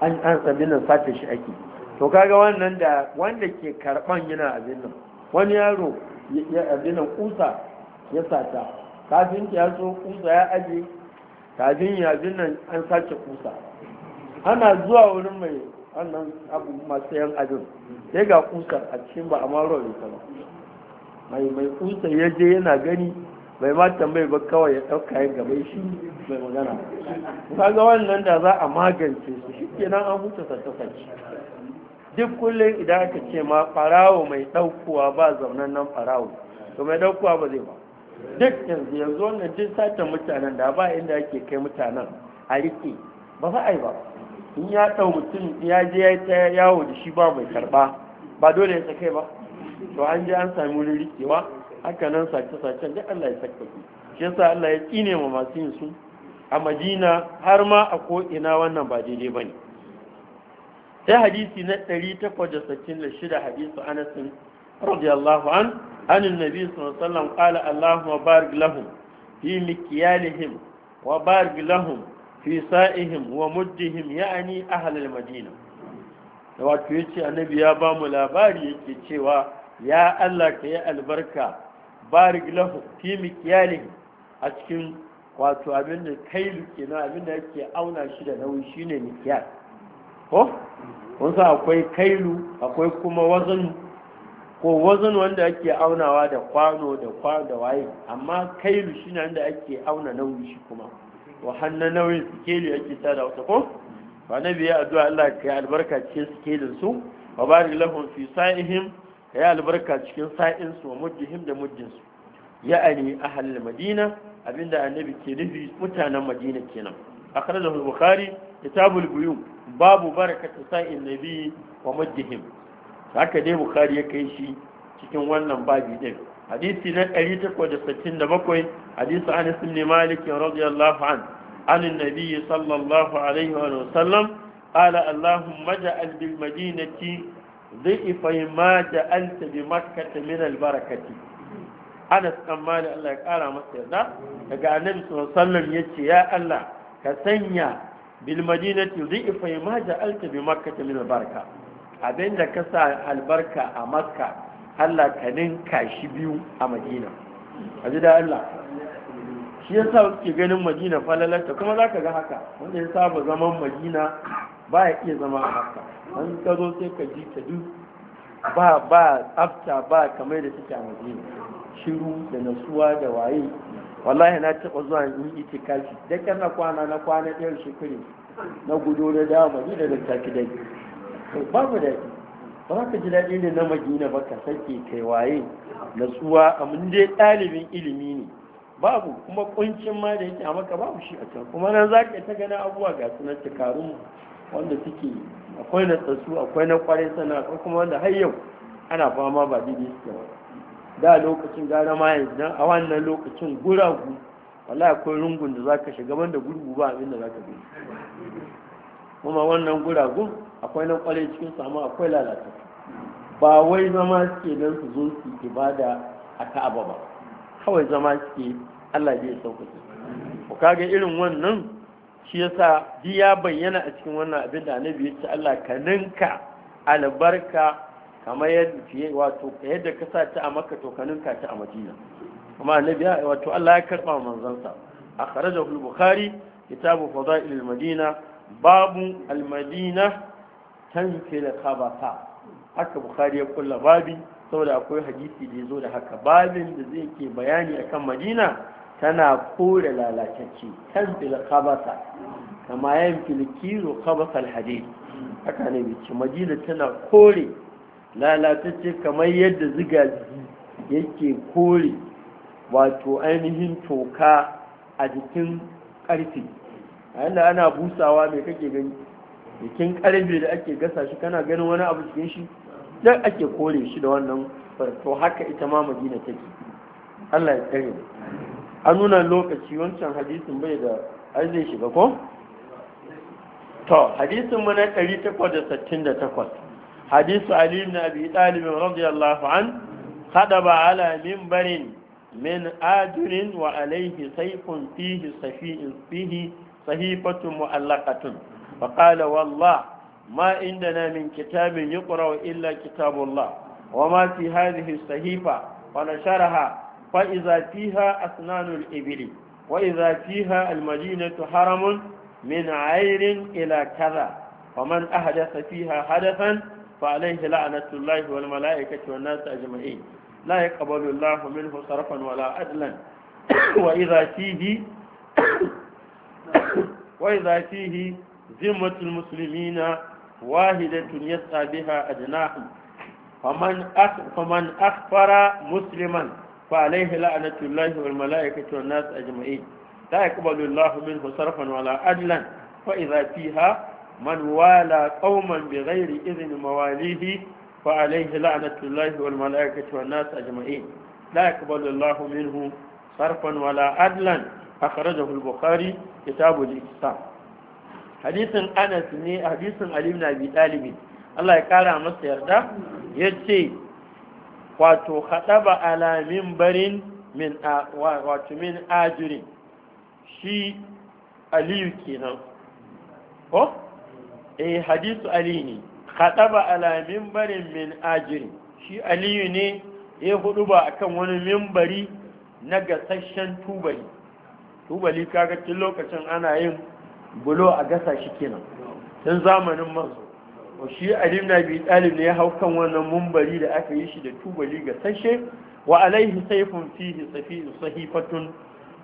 an an tsabin nan sace shi ake to kaga wannan da wanda ke karban yana abin nan wani yaro ya abin nan kusa ya sata kafin ya so kusa ya aje kafin ya abin nan an sace kusa ana zuwa wurin mai wannan abu masu yan abin sai ga kusar a cikin ba a maro ita ba mai mai kusar ya je yana gani bai ma tambayi ba kawai ya ɗauka yin gaba shi mai magana ga wannan da za a magance su shi kenan an huta sassakaci duk kullum idan aka ce ma farawo mai ɗaukowa ba zaunan nan farawo to mai ɗaukowa ba zai ba duk yanzu yanzu wannan duk satan mutanen da ba inda ake kai mutanen a riƙe ba za a yi ba in ya ɗau mutum ya je ya ta yawo da shi ba mai karɓa ba dole ya sakai ba to an je an sami wurin rikewa haka nan sace-sacen da Allah ya ku. shi yasa Allah ya kine ma masu yin su a Madina har ma a ko ina wannan ba daidai bane sai hadisi na 866 hadisi Anas radiyallahu an anin nabi sallallahu alaihi wasallam qala Allahumma barik lahum fi wa barik lahum fi sa'ihim wa muddihim ya'ani ahlal madina da wato yace annabi ya ba mu labari yake cewa ya Allah ka yi albarka bari lahu fi a cikin wato abin da kailu kenan abin da yake auna shi da nauyi shine miqyal ko wasu akwai kailu akwai kuma wazan ko wazan wanda ake aunawa da kwano da kwano da waye amma kailu ne wanda ake auna nauyi shi kuma wa nauyin sikeli ake ta da wata ko ba na biya addu'a Allah ka yi albarka cikin sikelin su wa barik lahum fi sa'ihim ka yi albarka cikin sa'in su wa mujjihim da mujjin su ya'ani ahlul madina abinda annabi ke nufi mutanen madina kenan akhrajahu al-bukhari kitabul buyum babu barakatu sa'in nabi wa mujjihim haka dai bukhari ya kai shi cikin wannan babi din hadisi na 867 hadisi Anas ibn Malik radiyallahu an عن النبي صلى الله عليه وسلم قال اللهم اجعل بالمدينة ضعفي ما جعلت بمكة من البركة أنا استمال الله قال مصير ده daga annabi sallallahu ya ce ya Allah ka sanya bil madinati dhifa ma ja'alta bi makkah min albarka abinda ka sa albarka a makka Allah ka ninka shi biyu a madina a ji da Allah shi ya sa ke ganin madina falalarta kuma za ka ga haka wanda ya saba zaman madina ba ya iya zama a haka an ka zo sai ka ji ta duk ba ba tsafta ba kamar da take a madina shiru da nasuwa da waye wallahi na taɓa zuwa in yi itikafi da kan na kwana na kwana ɗayar shekaru na gudu da dama ni da tafi dai babu daɗi ba za ka ji daɗi ne na magina ba ka sake kai waye natsuwa amin dai ɗalibin ilimi ne babu kuma kuncin ma da yake a maka babu shi a can kuma nan za ka ta gani abubuwa ga su na cikarun wanda suke akwai na tsatsu akwai na kwarai sana akwai kuma wanda har yau ana fama ba daidai da ba da lokacin gara ma yanzu dan a wannan lokacin guragu wallahi akwai rungun da za ka shiga banda gurgu ba abin da za ka bi kuma wannan guragun akwai nan kwarai cikin samu akwai lalata ba wai zama suke don su zo su ibada a ka'aba ba kawai zama suke Allah bai sauƙaƙe ku kaga irin wannan shi yasa duk ya bayyana a cikin wannan abin da annabi ya ce Allah ka ninka albarka kamar yadda wato yadda ka sa ta a Makka to ka ninka ta a Madina kuma annabi ya wato Allah ya karba manzon sa akhrajahu al-Bukhari kitabu fadail al-Madina babu al-Madina da khabasa haka bukari ya kulla babi saboda akwai hadisi da zo da haka babin da zai ke bayani akan madina tana kore lalatacce tanfil khabasa kama yanfil kiru khabasa alhadid haka ne bici madina tana kore lalatacce kamar yadda ziga yake kore wato ainihin toka a jikin karfe a yadda ana busawa mai kake gani jikin karbe da ake gasa shi kana ganin wani abu cikin shi dan ake kore shi da wannan to haka ita ma madina take Allah ya tsare an nuna lokaci wancan hadisin bai da ai zai shiga ko to hadisin mu na 868 hadisu ali ibn abi talib radiyallahu an khadaba ala minbarin min adurin wa alayhi sayfun fihi safi'in fihi sahifatun mu'allaqatun فقال والله ما عندنا من كتاب يقرأ إلا كتاب الله وما في هذه الصحيفة فنشرها فإذا فيها أسنان الإبل وإذا فيها المدينة حرم من عير إلى كذا ومن أحدث فيها حدثا فعليه لعنة الله والملائكة والناس أجمعين لا يقبل الله منه صرفا ولا عدلا وإذا فيه وإذا فيه zimmatul muslimina wahidatun yas'a biha ajnahu asfara faman akhbara musliman fa alayhi la'natullahi wal mala'ikati wan nas ajma'in la yaqbalu Allahu minhu sarfan wala adlan fa fiha man wala qauman bighairi idhni mawalihi fa alayhi la'natullahi wal mala'ikati wan nas ajma'in la yaqbalu Allahu minhu sarfan wala adlan bukhari kitabu likita. hadisin anas ne hadisin alim na bi ɗalibi Allah ya kara masa yarda ya ce wato haɗaba alamin barin min wato min ajirin shi aliyu kenan ko? eh hadisu ali ne haɗaba alamin barin min ajirin shi aliyu ne ya hudu ba akan wani mimbari na gasashen tubali tubali kaga tun lokacin ana yin bulo a gasa shi kenan tun zamanin manzo to shi ali na biyu ɗalib ne ya hau kan wannan mumbari da aka yi shi da tubali ga sashe wa alaihi sayfun fihi safi'u sahifatun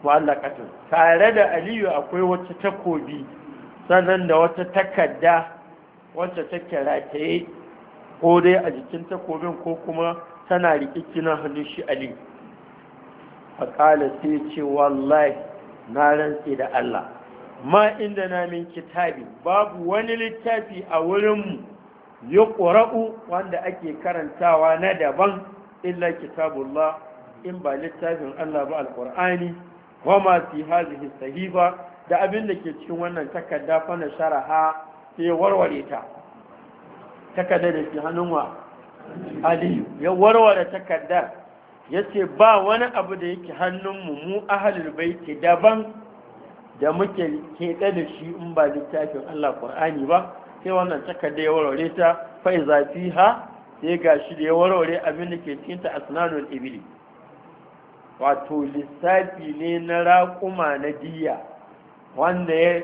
mu'allaqatun tare da aliyu akwai wata takobi sannan da wata takarda wacce take rataye ko dai a jikin takobin ko kuma tana kina hannun shi ali faƙala sai ce wallahi na rantse da Allah ma inda na min kitabi babu wani littafi a wurinmu ya ƙura'u wanda ake karantawa na daban illa kitabullah in ba littafin Allah ba alƙur'ani wa ma fi hadhihi sahiba da abin da ke cikin wannan takarda fa na sharaha sai warware ta takarda da ke hannun wa aliyu ya warware takarda? yace ba wani abu da yake hannun mu mu ahlul baiti daban da muke keɗe da shi in ba littafin Allah Qur'ani ba sai wannan da ya warware ta fai zafi ha sai ga shi da ya warware abin da ke cikin ta asnanul ibili wato lissafi ne na raƙuma na diya wanda ya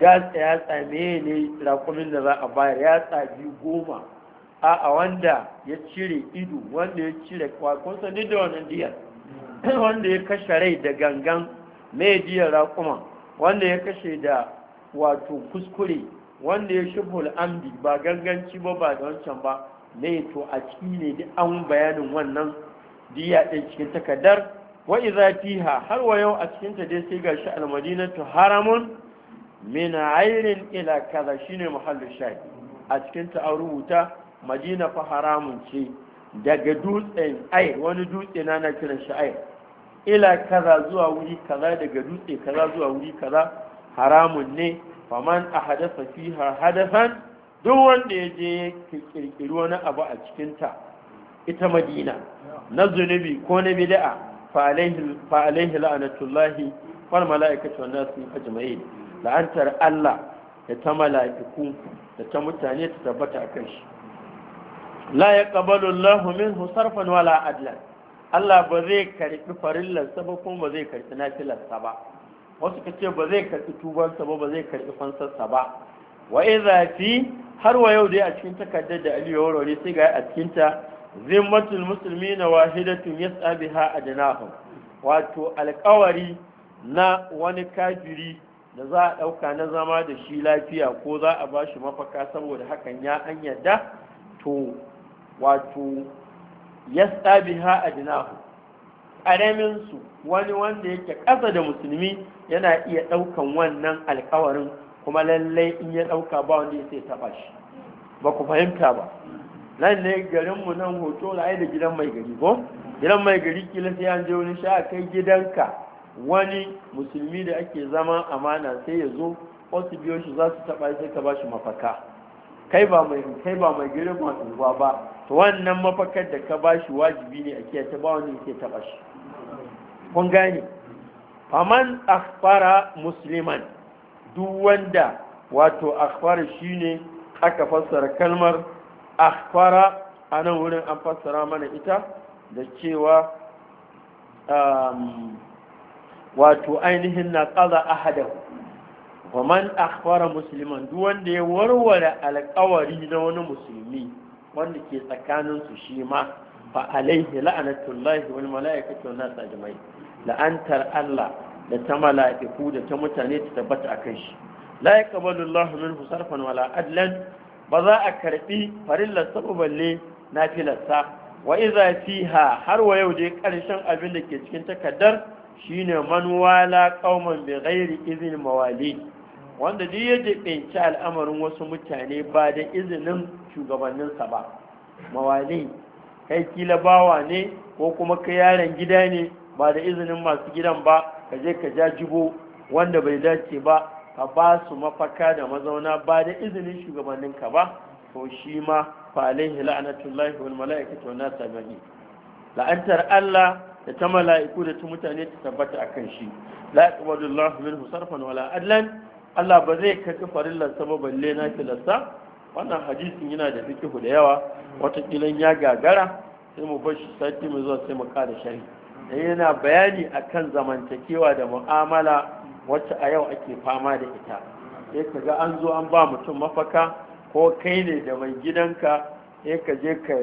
gatsa ya tsame ne raƙumin da za a bayar ya tsabi goma a wanda ya cire ido wanda ya cire kwakwan sanin da wannan diyar mm. wanda ya kashe rai da gangan mai diyar raƙuman wanda ya kashe da wato kuskure wanda ya shubhul amdi ba ganganci ba ba da wancan ba ne to a ciki ne da an bayanin wannan diya ɗin cikin takardar wa iza fiha har wa yau a cikin ta dai sai gashi al-madinatu haramun min ayrin ila kaza shine muhallu shahid a cikin ta an rubuta madina fa haramun ce daga dutsen ai wani dutse na na kiran shi ila kaza zuwa wuri kaza daga dutse kaza zuwa wuri kaza haramun ne faman a hadasa fiha hadasan duk wanda ya je kirkiri wani abu a cikinta ita madina na zunubi ko na bid'a fa alaihi la'anatullahi wal mala'ikatu wan nasu ajma'in la'antar Allah da ta mala'iku da ta mutane ta tabbata akan shi la yaqbalu Allahu minhu sarfan wala adlan Allah ba zai karɓi farillarsa ba kuma ba zai karɓi nafilarsa ba wasu ka ce ba zai karɓi tubarsa ba ba zai karɓi fansarsa ba wa zafi har wa yau dai a cikin takardar da Aliyu Warware sai ga a cikin ta zimmatul muslimina wahidatun yas'a biha adnahum wato alƙawari na wani kafiri da za a ɗauka na zama da shi lafiya ko za a ba shi mafaka saboda hakan ya an yarda to wato yasqa biha ajnahu ƙaramin su wani wanda yake ƙasa da musulmi yana iya ɗaukan wannan alkawarin kuma lallai in ya ɗauka ba wanda ya sai taɓa shi ba ku fahimta ba nan ne garinmu nan hoto da ai da gidan mai gari ko gidan mai gari kila sai an je wani sha kai gidanka wani musulmi da ake zama amana sai ya zo wasu biyo shi za su taɓa sai ka ba shi mafaka kai ba mai kai ba mai gari ba ba to wannan mafakar da ka bashi wajibi ne ake ta ba wani ke taba shi kun gane faman akhbara musliman duk wanda wato akhbara shine aka fassara kalmar akhbara a nan wurin an fassara mana ita da cewa um, wato ainihin na ƙaza a wa man akhbara musliman duk wanda ya warware alƙawari na wani musulmi wanda ke tsakaninsu shi ma ba alaihi la'anatullahi wal mala'ikatu wan nas la'antar Allah da ta mala'iku da ta mutane ta tabbata akan shi la yaqbalu Allahu minhu wala adlan ba za a karbi farillar sababalle nafilarsa wa iza ha har wa yau dai karshen abin da ke cikin takardar shine man wala qauman bi ghairi mawali wanda duk ya jibinci al'amarin wasu mutane ba da izinin shugabanninsa ba mawane kai kila bawa ne ko kuma ka yaron gida ne ba da izinin masu gidan ba ka je ka jajibo wanda bai dace ba ka ba su mafaka da mazauna ba da izinin shugabanninka ba to shi ma falin alaihi wani wal mala'ikatu na nas la'antar Allah da ta mala'iku da ta mutane ta tabbata a kan shi l'a'a, min Allahu minhu sarfan wala adlan Allah ba zai kaka farillarsa ba balle na filarsa wannan hadisin yana da fikihu da yawa watakila ya gagara sai mu bar shi sati mu zuwa sai mu kada shari da yana bayani akan zamantakewa da mu'amala wacce a yau ake fama da ita sai ka ga an zo an ba mutum mafaka ko kai ne da mai gidanka sai ka je ka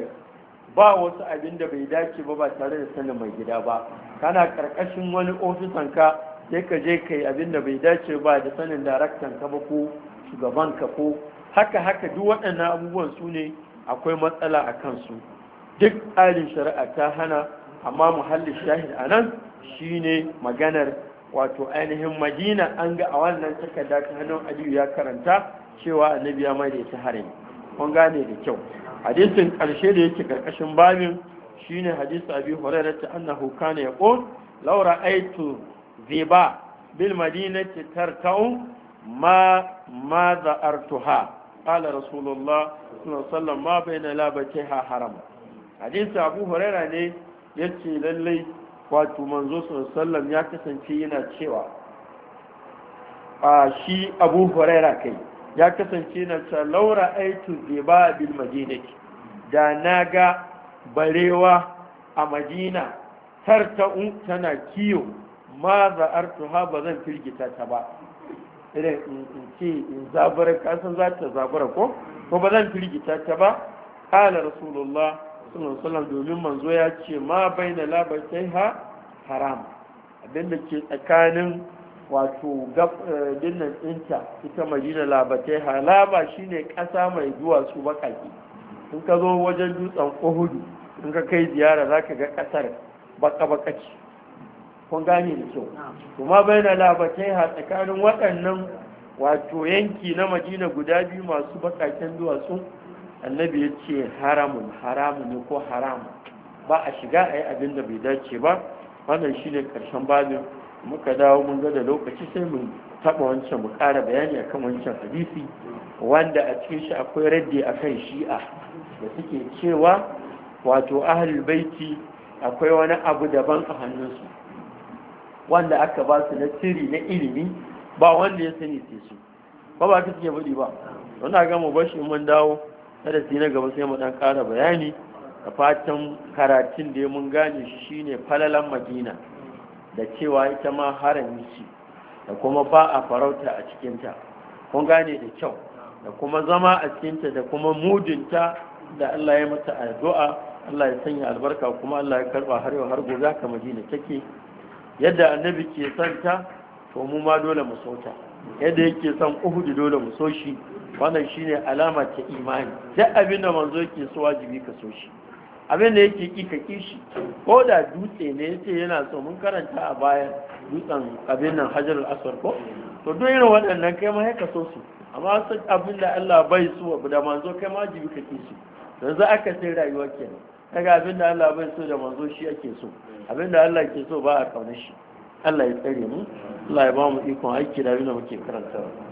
ba wasu abin da bai dace ba ba tare da sanin mai gida ba kana karkashin wani ofisanka sai ka je kai abin da bai dace ba da sanin daraktan ka ba ko shugaban ka ko haka haka duk waɗannan abubuwan su ne akwai matsala a kansu duk tsarin shari'a ta hana amma muhallin shahid a nan ne maganar wato ainihin madina an ga a wannan takarda ta hannun aliyu ya karanta cewa annabi ya mai da ita harin kun gane da kyau hadisin ƙarshe da yake karkashin babin shine hadisi abi hurairah ta annahu kana yaqul law ra'aytu ziba bil madinati tartau ma ma za'artuha qala rasulullah sallallahu alaihi wasallam ma baina labatiha haram hadisi abu huraira ne yace lallai wato manzo sallallahu ya kasance yana cewa a shi abu huraira kai ya kasance na cewa laura aitu ziba bil madinati da naga barewa a madina tarta'u tana kiyo ma za'artu ha ba zan firgita ta ba irin in ce in zabara kasan za ta zabara ko ko ba zan firgita ta ba kala rasulullah sunan sunan domin manzo ya ce ma baina labatai ha haram abinda ke tsakanin wato dinnan eh, ɗinta ita madina labatai ha laba shine ƙasa mai zuwa su baƙaƙi in ka zo wajen dutsen Ohudu, in ka kai ziyara za ka ga ƙasar baka-baka ce kun gane da kyau kuma bai na labatai ha tsakanin waɗannan wato yanki na madina guda biyu masu bakaken duwatsu annabi ya ce haramun haramun ne ko haramun ba a shiga a yi abin da bai dace ba wannan shi ne ƙarshen babin muka dawo mun ga da lokaci sai mun taɓa wancan mu ƙara bayani a kan wancan hadisi wanda a cikin shi akwai raddi akan shi'a da suke cewa wato ahlul baiti akwai wani abu daban a hannunsu wanda aka ba su na sirri na ilimi ba wanda ya sani sai su ba ba ta suke ba wanda ga mu bashi mun dawo kada su na gaba sai mu dan kara bayani da fatan karatun da mun gane shi shine falalan madina da cewa ita ma harami ce da kuma ba a farauta a cikinta kun gane da kyau da kuma zama a cikinta da kuma mudinta da Allah ya mata addu'a Allah ya sanya albarka kuma Allah ya karba har yau har gobe haka madina take yadda annabi ke son ta to mu ma dole mu sauta. yadda yake son uhudu dole mu so shi wannan shine alama ta imani duk abin da manzo yake so wajibi ka so shi abin da yake ki ka ki shi ko da dutse ne yace yana so mun karanta a baya dutsen abin nan al aswar ko to duk irin waɗannan kai ma ya ka so su amma abin da Allah bai so da manzo kai ma wajibi ka ki shi yanzu aka sai rayuwa kenan kaga abin da Allah bai so da manzo shi ake so abin da Allah ke so ba a kaunar shi Allah ya tsare mu Allah ya ba mu ikon aiki da abin da muke karantawa